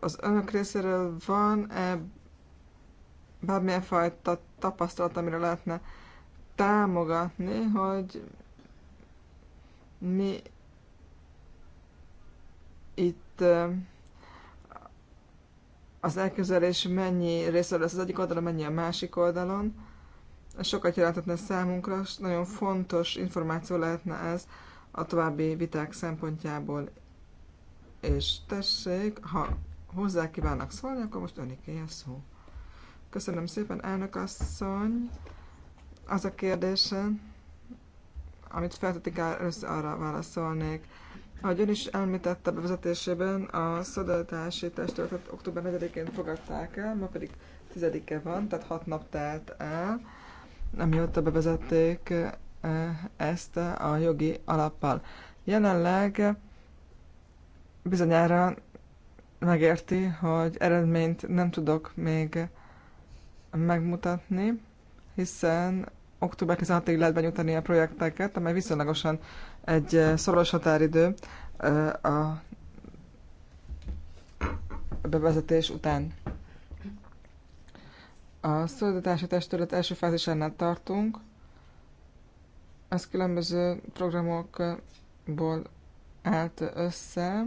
Az önök részéről van-e bármilyen fajta tapasztalat, amire lehetne támogatni, hogy mi itt az elképzelés mennyi része lesz az egyik oldalon, mennyi a másik oldalon. sokat jelentetne számunkra, és nagyon fontos információ lehetne ez a további viták szempontjából. És tessék, ha hozzá kívánnak szólni, akkor most önik a szó. Köszönöm szépen, elnök asszony. Az a kérdése, amit feltetik, először arra válaszolnék. Ahogy ön is elmítette a bevezetésében, a szadatási testületet október 4-én fogadták el, ma pedig 10-e van, tehát 6 nap telt el, amióta bevezették eh, ezt a jogi alappal. Jelenleg bizonyára megérti, hogy eredményt nem tudok még megmutatni, hiszen október 16-ig lehet benyújtani a projekteket, amely viszonylagosan egy eh, szoros határidő eh, a bevezetés után. A szolidatási testület első fázisánál tartunk. Ez különböző programokból állt össze,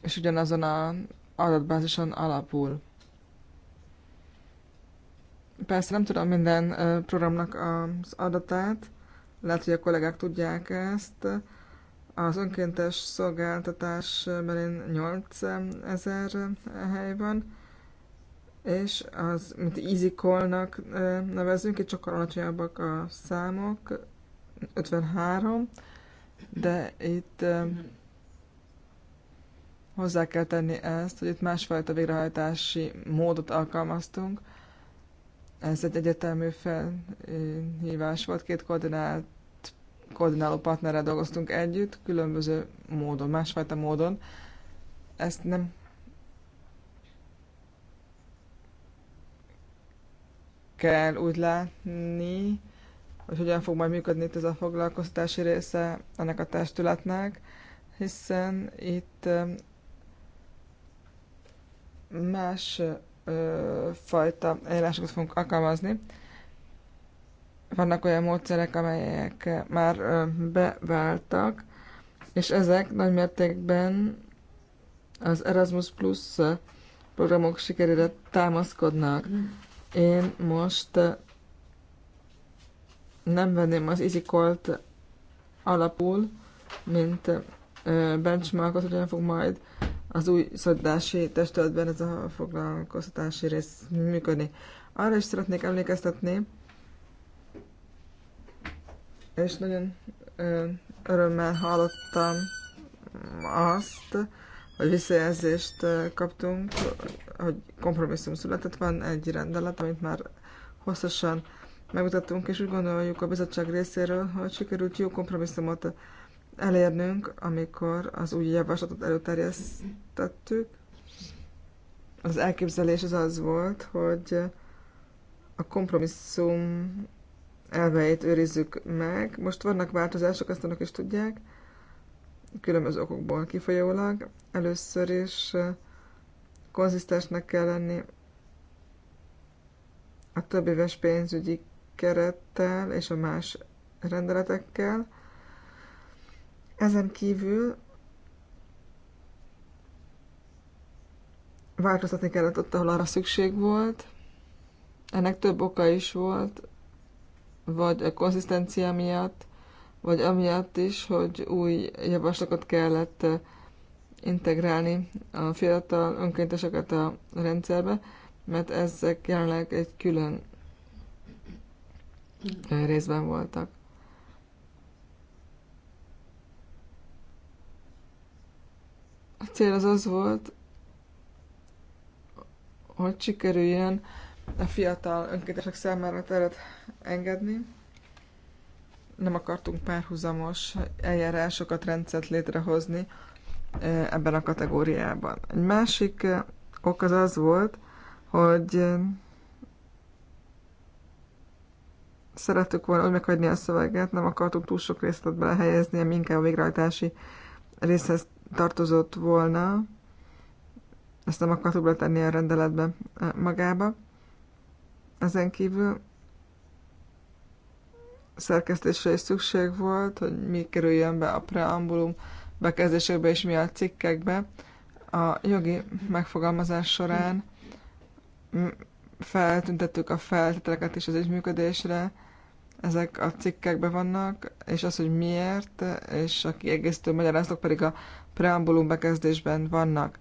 és ugyanazon a adatbázison alapul. Persze nem tudom minden programnak az adatát, lehet, hogy a kollégák tudják ezt. Az önkéntes szolgáltatás belén 8000 hely van, és az, mint Easy Call-nak nevezünk, itt sokkal alacsonyabbak a számok, 53, de itt hozzá kell tenni ezt, hogy itt másfajta végrehajtási módot alkalmaztunk, ez egy egyetemű felhívás volt, két koordinált, koordináló partnerrel dolgoztunk együtt, különböző módon, másfajta módon. Ezt nem kell úgy látni, hogy hogyan fog majd működni itt ez a foglalkoztatási része ennek a testületnek, hiszen itt más fajta eljárásokat fogunk alkalmazni. Vannak olyan módszerek, amelyek már beváltak, és ezek nagy mértékben az Erasmus Plus programok sikerére támaszkodnak. Én most nem venném az izikolt alapul, mint benchmarkot, hogy fog majd az új szoddási testületben ez a foglalkoztatási rész működni. Arra is szeretnék emlékeztetni, és nagyon örömmel hallottam azt, hogy visszajelzést kaptunk, hogy kompromisszum született, van egy rendelet, amit már hosszasan megmutattunk, és úgy gondoljuk a bizottság részéről, hogy sikerült jó kompromisszumot elérnünk, amikor az új javaslatot előterjesztettük. Az elképzelés az az volt, hogy a kompromisszum elveit őrizzük meg. Most vannak változások, ezt önök is tudják, különböző okokból kifolyólag. Először is konzisztensnek kell lenni a több éves pénzügyi kerettel és a más rendeletekkel. Ezen kívül változtatni kellett ott, ahol arra szükség volt. Ennek több oka is volt, vagy a konzisztencia miatt, vagy amiatt is, hogy új javaslatokat kellett eh, integrálni a fiatal önkénteseket a rendszerbe, mert ezek jelenleg egy külön eh, részben voltak. cél az az volt, hogy sikerüljön a fiatal önkéntesek számára teret engedni. Nem akartunk párhuzamos eljárásokat, rendszert létrehozni ebben a kategóriában. Egy másik ok az az volt, hogy szerettük volna úgy meghagyni a szöveget, nem akartunk túl sok részletbe helyezni ami inkább a végrehajtási részhez tartozott volna, ezt nem akartuk letenni a rendeletbe eh, magába. Ezen kívül szerkesztésre is szükség volt, hogy mi kerüljön be a preambulum bekezdésekbe és mi a cikkekbe. A jogi megfogalmazás során feltüntettük a feltételeket is az ügyműködésre, ezek a cikkekben vannak, és az, hogy miért, és a kiegészítő magyarázatok pedig a preambulum bekezdésben vannak.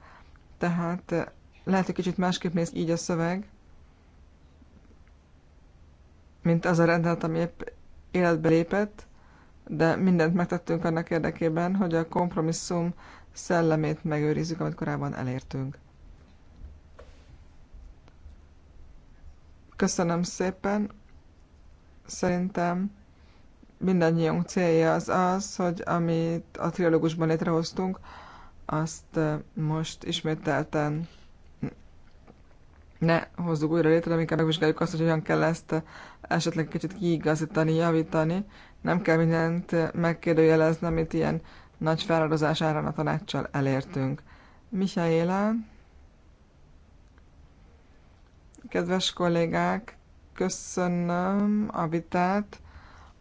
Tehát eh, lehet, hogy kicsit másképp néz így a szöveg, mint az a rendelet, ami épp életbe lépett, de mindent megtettünk annak érdekében, hogy a kompromisszum szellemét megőrizzük, amit korábban elértünk. Köszönöm szépen. Szerintem mindannyiunk célja az az, hogy amit a trilógusban létrehoztunk, azt most ismételten ne hozzuk újra létre, amikor megvizsgáljuk azt, hogy hogyan kell ezt esetleg kicsit kiigazítani, javítani. Nem kell mindent megkérdőjelezni, amit ilyen nagy feladozás árán a tanácssal elértünk. Michaela, kedves kollégák, köszönöm a vitát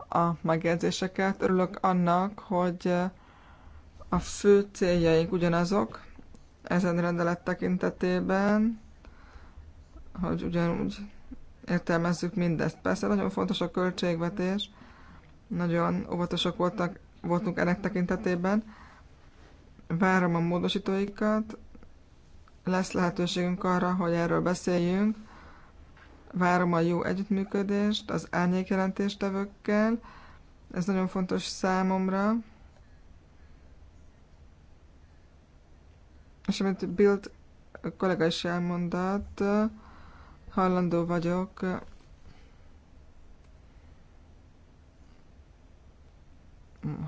a megjegyzéseket. Örülök annak, hogy a fő céljaink ugyanazok ezen rendelet tekintetében, hogy ugyanúgy értelmezzük mindezt. Persze nagyon fontos a költségvetés, nagyon óvatosak voltak, voltunk ennek tekintetében. Várom a módosítóikat, lesz lehetőségünk arra, hogy erről beszéljünk, várom a jó együttműködést az árnyékjelentéstevőkkel. Ez nagyon fontos számomra. És amit Bild kollega is elmondott, hallandó vagyok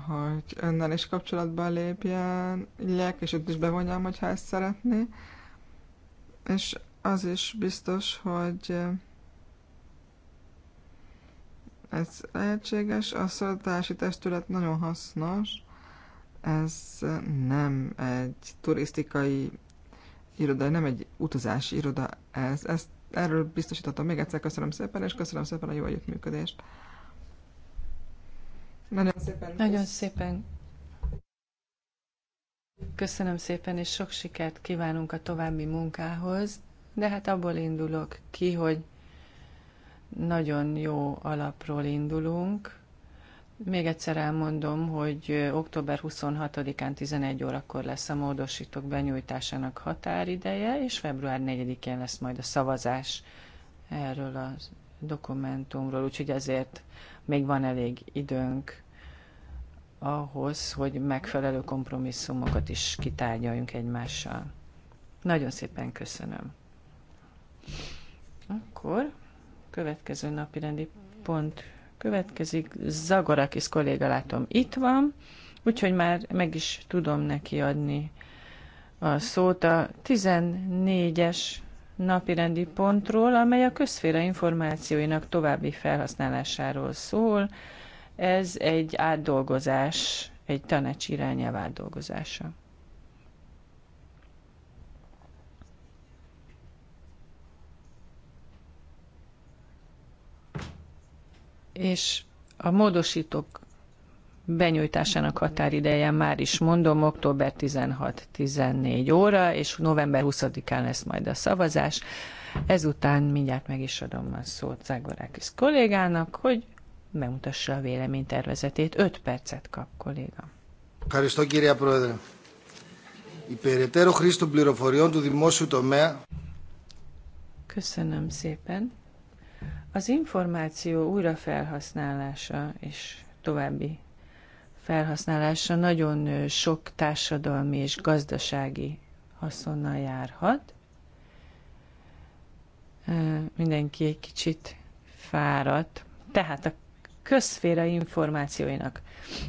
hogy önnel is kapcsolatba lépjen, illek, és őt is bevonjam, hogyha ezt szeretné. És az is biztos, hogy ez lehetséges, a szolgáltatási testület nagyon hasznos, ez nem egy turisztikai iroda, nem egy utazási iroda, ez, ezt erről biztosítottam. Még egyszer köszönöm szépen, és köszönöm szépen a jó együttműködést. Nagyon szépen. Nagyon szépen. Köszönöm szépen, és sok sikert kívánunk a további munkához, de hát abból indulok ki, hogy nagyon jó alapról indulunk. Még egyszer elmondom, hogy október 26-án 11 órakor lesz a módosítók benyújtásának határideje, és február 4-én lesz majd a szavazás erről a dokumentumról, úgyhogy ezért még van elég időnk ahhoz, hogy megfelelő kompromisszumokat is kitárgyaljunk egymással. Nagyon szépen köszönöm. Akkor következő napi rendi pont következik. Zagorakis kolléga látom itt van, úgyhogy már meg is tudom neki adni a szót a 14-es napirendi pontról, amely a közféra információinak további felhasználásáról szól. Ez egy átdolgozás, egy tanács irányelv átdolgozása. és a módosítók benyújtásának határideje már is mondom, október 16-14 óra, és november 20-án lesz majd a szavazás. Ezután mindjárt meg is adom a szót Zágorákis kollégának, hogy bemutassa a véleménytervezetét. 5 percet kap kolléga. Ευχαριστώ κύριε Πρόεδρε. Η χρήση των πληροφοριών του δημόσιου τομέα Köszönöm szépen. Az információ újrafelhasználása és további felhasználása nagyon sok társadalmi és gazdasági haszonnal járhat. Mindenki egy kicsit fáradt. Tehát a közszféra információinak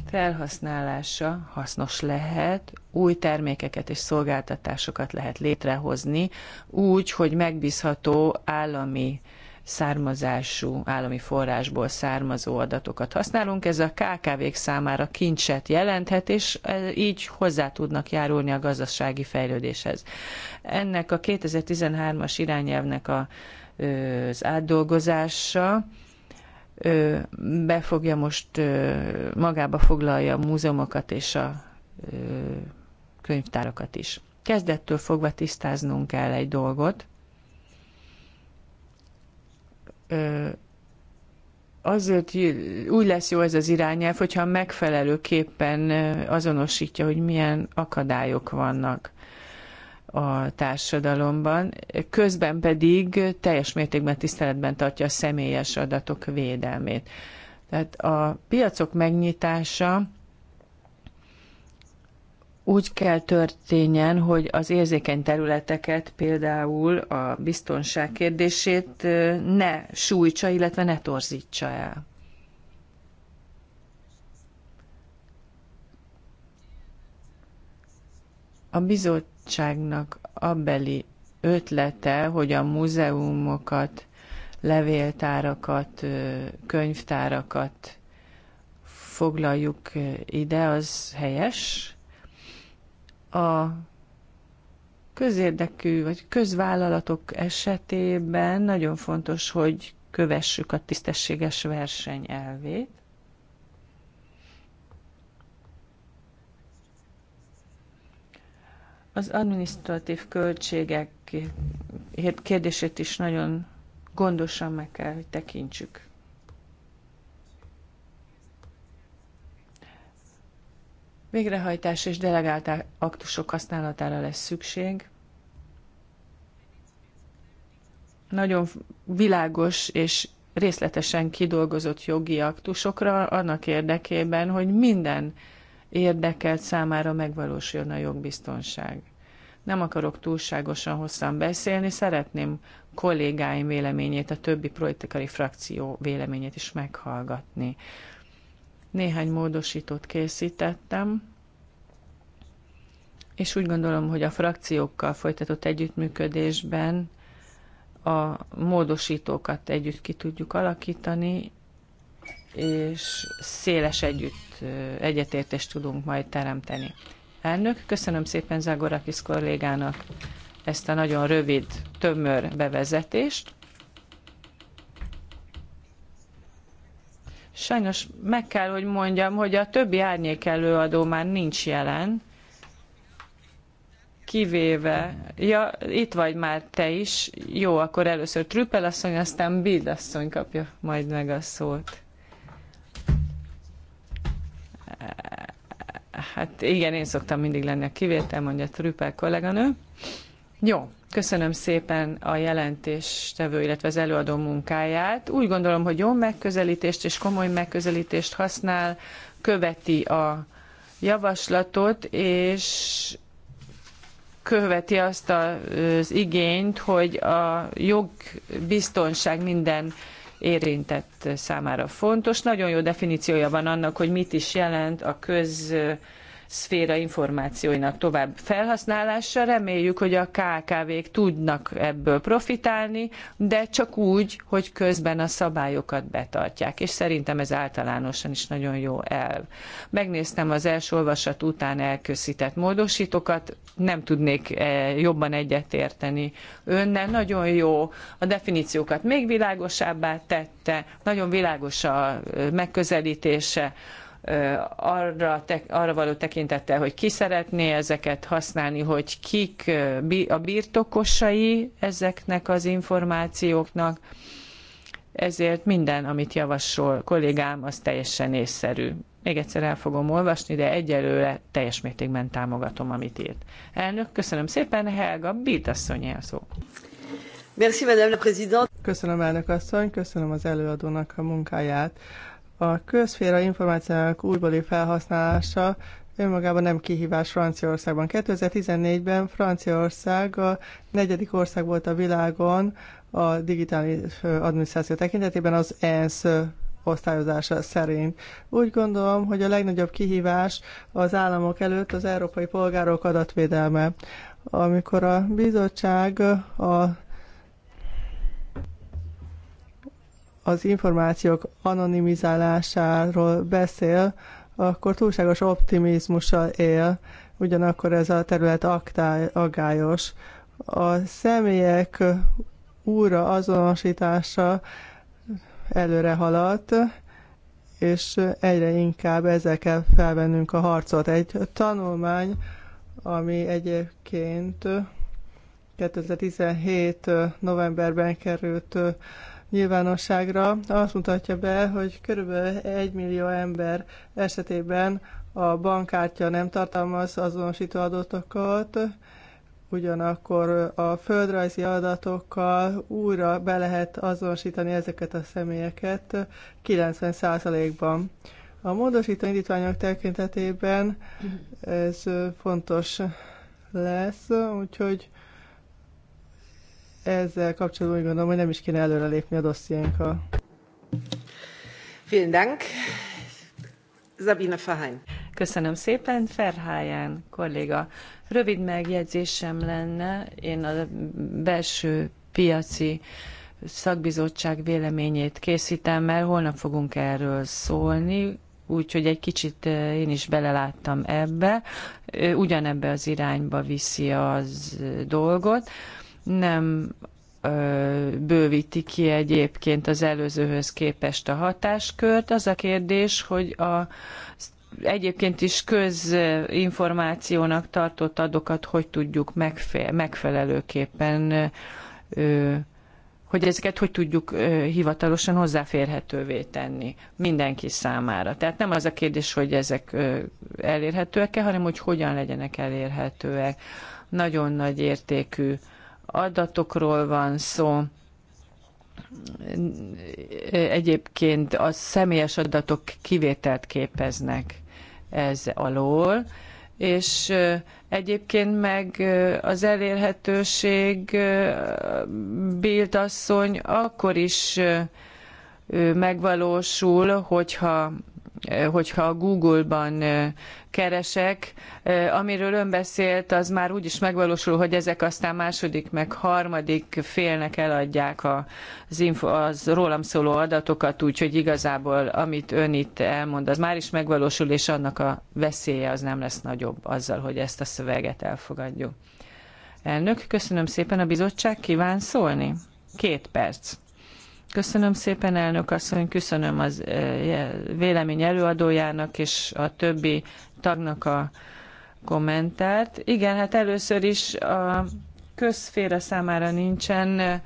felhasználása hasznos lehet, új termékeket és szolgáltatásokat lehet létrehozni, úgy, hogy megbízható állami származású állami forrásból származó adatokat használunk. Ez a KKV-k számára kincset jelenthet, és e, így hozzá tudnak járulni a gazdasági fejlődéshez. Ennek a 2013-as irányelvnek a, az átdolgozása befogja most magába foglalja a múzeumokat és a könyvtárakat is. Kezdettől fogva tisztáznunk kell egy dolgot, azért úgy lesz jó ez az irányelv, hogyha megfelelőképpen azonosítja, hogy milyen akadályok vannak a társadalomban, közben pedig teljes mértékben tiszteletben tartja a személyes adatok védelmét. Tehát a piacok megnyitása úgy kell történjen, hogy az érzékeny területeket, például a biztonság kérdését ne sújtsa, illetve ne torzítsa el. A bizottságnak abbeli ötlete, hogy a múzeumokat, levéltárakat, könyvtárakat foglaljuk ide, az helyes, a közérdekű vagy közvállalatok esetében nagyon fontos, hogy kövessük a tisztességes verseny elvét. Az adminisztratív költségek kérdését is nagyon gondosan meg kell, hogy tekintsük. Végrehajtás és delegált aktusok használatára lesz szükség. Nagyon világos és részletesen kidolgozott jogi aktusokra annak érdekében, hogy minden érdekelt számára megvalósuljon a jogbiztonság. Nem akarok túlságosan hosszan beszélni, szeretném kollégáim véleményét, a többi politikai frakció véleményét is meghallgatni. Néhány módosítót készítettem, és úgy gondolom, hogy a frakciókkal folytatott együttműködésben a módosítókat együtt ki tudjuk alakítani, és széles együtt egyetértést tudunk majd teremteni. Elnök, köszönöm szépen Zágorakis kollégának ezt a nagyon rövid, tömör bevezetést. Sajnos meg kell, hogy mondjam, hogy a többi árnyék előadó már nincs jelen, kivéve, ja, itt vagy már te is, jó, akkor először Trüppel asszony, aztán Bild asszony kapja majd meg a szót. Hát igen, én szoktam mindig lenni a kivétel, mondja Trüppel kolléganő. Jó, Köszönöm szépen a jelentéstevő, illetve az előadó munkáját. Úgy gondolom, hogy jó megközelítést és komoly megközelítést használ, követi a javaslatot, és követi azt az igényt, hogy a jogbiztonság minden érintett számára fontos. Nagyon jó definíciója van annak, hogy mit is jelent a köz szféra információinak tovább felhasználása. Reméljük, hogy a KKV-k tudnak ebből profitálni, de csak úgy, hogy közben a szabályokat betartják, és szerintem ez általánosan is nagyon jó elv. Megnéztem az első olvasat után elköszített módosítókat, nem tudnék eh, jobban egyetérteni önnel. Nagyon jó, a definíciókat még világosabbá tette, nagyon világos a eh, megközelítése arra, te, arra való tekintettel, hogy ki szeretné ezeket használni, hogy kik a birtokosai ezeknek az információknak. Ezért minden, amit javasol kollégám, az teljesen észszerű. Még egyszer el fogom olvasni, de egyelőre teljes mértékben támogatom, amit írt. Elnök, köszönöm szépen, Helga Bildasszony szó. Merci, Madame la Köszönöm, elnök asszony, köszönöm az előadónak a munkáját. A közféra információnak újbóli felhasználása önmagában nem kihívás Franciaországban. 2014-ben Franciaország a negyedik ország volt a világon a digitális adminisztráció tekintetében az ENSZ osztályozása szerint. Úgy gondolom, hogy a legnagyobb kihívás az államok előtt az európai polgárok adatvédelme. Amikor a bizottság a az információk anonimizálásáról beszél, akkor túlságos optimizmussal él, ugyanakkor ez a terület aktály, aggályos. A személyek újra azonosítása előre haladt, és egyre inkább ezzel kell felvennünk a harcot. Egy tanulmány, ami egyébként 2017. novemberben került nyilvánosságra, azt mutatja be, hogy körülbelül egy millió ember esetében a bankkártya nem tartalmaz azonosító adatokat, ugyanakkor a földrajzi adatokkal újra be lehet azonosítani ezeket a személyeket 90%-ban. A módosító indítványok tekintetében ez fontos lesz, úgyhogy ezzel kapcsolatban úgy gondolom, hogy nem is kéne előrelépni a dossziénkkal. Vielen Dank. Sabine Verheyen. Köszönöm szépen, Ferháján kolléga. Rövid megjegyzésem lenne, én a belső piaci szakbizottság véleményét készítem, mert holnap fogunk erről szólni, úgyhogy egy kicsit eh, én is beleláttam ebbe, ugyanebbe az irányba viszi az eh, dolgot nem bővíti ki egyébként az előzőhöz képest a hatáskört. Az a kérdés, hogy a egyébként is közinformációnak tartott adokat hogy tudjuk megfe megfelelőképpen, hogy ezeket hogy tudjuk hivatalosan hozzáférhetővé tenni mindenki számára. Tehát nem az a kérdés, hogy ezek elérhetőek-e, hanem hogy hogyan legyenek elérhetőek. Nagyon nagy értékű adatokról van szó. Egyébként a személyes adatok kivételt képeznek ez alól, és egyébként meg az elérhetőség Bild asszony akkor is megvalósul, hogyha hogyha a Google-ban keresek, amiről ön beszélt, az már úgy is megvalósul, hogy ezek aztán második meg harmadik félnek eladják az, info, az rólam szóló adatokat, úgyhogy igazából amit ön itt elmond, az már is megvalósul, és annak a veszélye az nem lesz nagyobb azzal, hogy ezt a szöveget elfogadjuk. Elnök, köszönöm szépen a bizottság, kíván szólni? Két perc. Köszönöm szépen, elnök asszony, köszönöm az eh, vélemény előadójának és a többi tagnak a kommentárt. Igen, hát először is a közféra számára nincsen eh,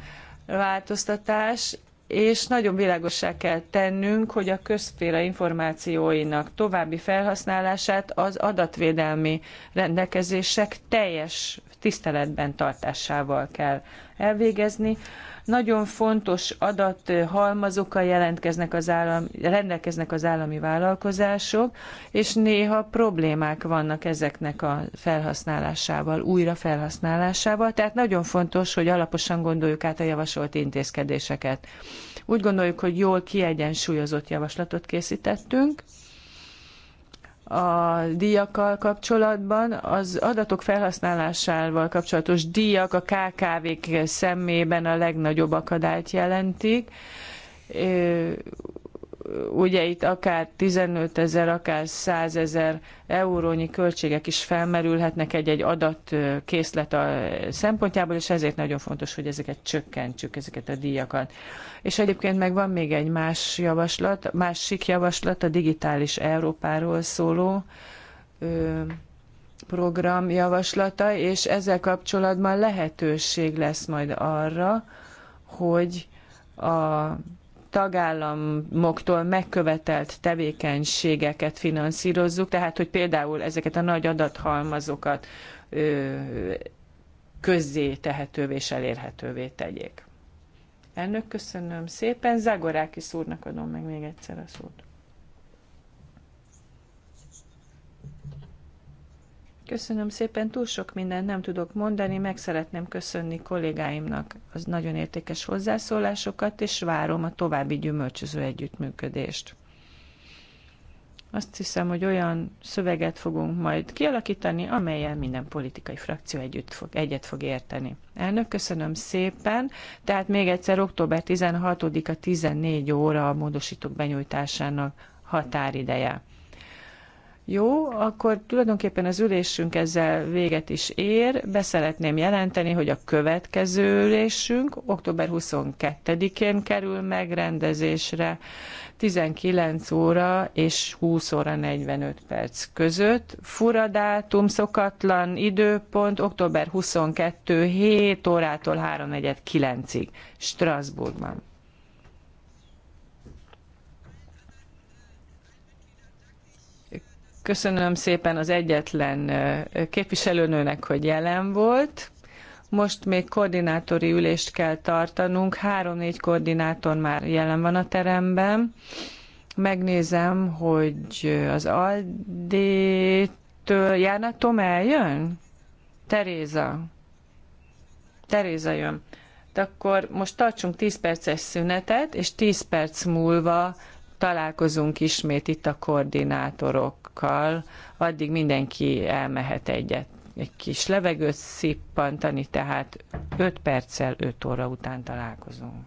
változtatás, és nagyon világossá kell tennünk, hogy a közféra információinak további felhasználását az adatvédelmi rendelkezések teljes tiszteletben tartásával kell elvégezni. Nagyon fontos adathalmazokkal jelentkeznek az állam, rendelkeznek az állami vállalkozások, és néha problémák vannak ezeknek a felhasználásával, újra felhasználásával, tehát nagyon fontos, hogy alaposan gondoljuk át a javasolt intézkedéseket. Úgy gondoljuk, hogy jól kiegyensúlyozott javaslatot készítettünk, a díjakkal kapcsolatban, az adatok felhasználásával kapcsolatos díjak a KKV-k szemében a legnagyobb akadályt jelentik ugye itt akár 15 ezer, akár 100 ezer eurónyi költségek is felmerülhetnek egy-egy adatkészlet szempontjából, és ezért nagyon fontos, hogy ezeket csökkentsük, ezeket a díjakat. És egyébként meg van még egy más javaslat, másik javaslat a digitális Európáról szóló program javaslata, és ezzel kapcsolatban lehetőség lesz majd arra, hogy a tagállamoktól megkövetelt tevékenységeket finanszírozzuk, tehát hogy például ezeket a nagy adathalmazokat közzé tehetővé és elérhetővé tegyék. Elnök, köszönöm szépen. Zagorákis úrnak adom meg még egyszer a szót. Köszönöm szépen, túl sok mindent nem tudok mondani, meg szeretném köszönni kollégáimnak az nagyon értékes hozzászólásokat, és várom a további gyümölcsöző együttműködést. Azt hiszem, hogy olyan szöveget fogunk majd kialakítani, amelyen minden politikai frakció együtt fog, egyet fog érteni. Elnök, köszönöm szépen. Tehát még egyszer október 16-a 14 óra a módosítók benyújtásának határideje. Jó, akkor tulajdonképpen az ülésünk ezzel véget is ér. Beszeretném jelenteni, hogy a következő ülésünk október 22-én kerül megrendezésre 19 óra és 20 óra 45 perc között. Fura dátum, szokatlan időpont, október 22, 7 órától 3.49-ig Strasbourgban. Köszönöm szépen az egyetlen képviselőnőnek, hogy jelen volt. Most még koordinátori ülést kell tartanunk. Három-négy koordinátor már jelen van a teremben. Megnézem, hogy az aldi Aldi-től járna Tom eljön? Teréza. Teréza jön. De akkor most tartsunk 10 perces szünetet, és 10 perc múlva találkozunk ismét itt a koordinátorok tagokkal, addig mindenki elmehet egyet egy kis levegőt szippantani, tehát 5 perccel 5 óra után találkozunk.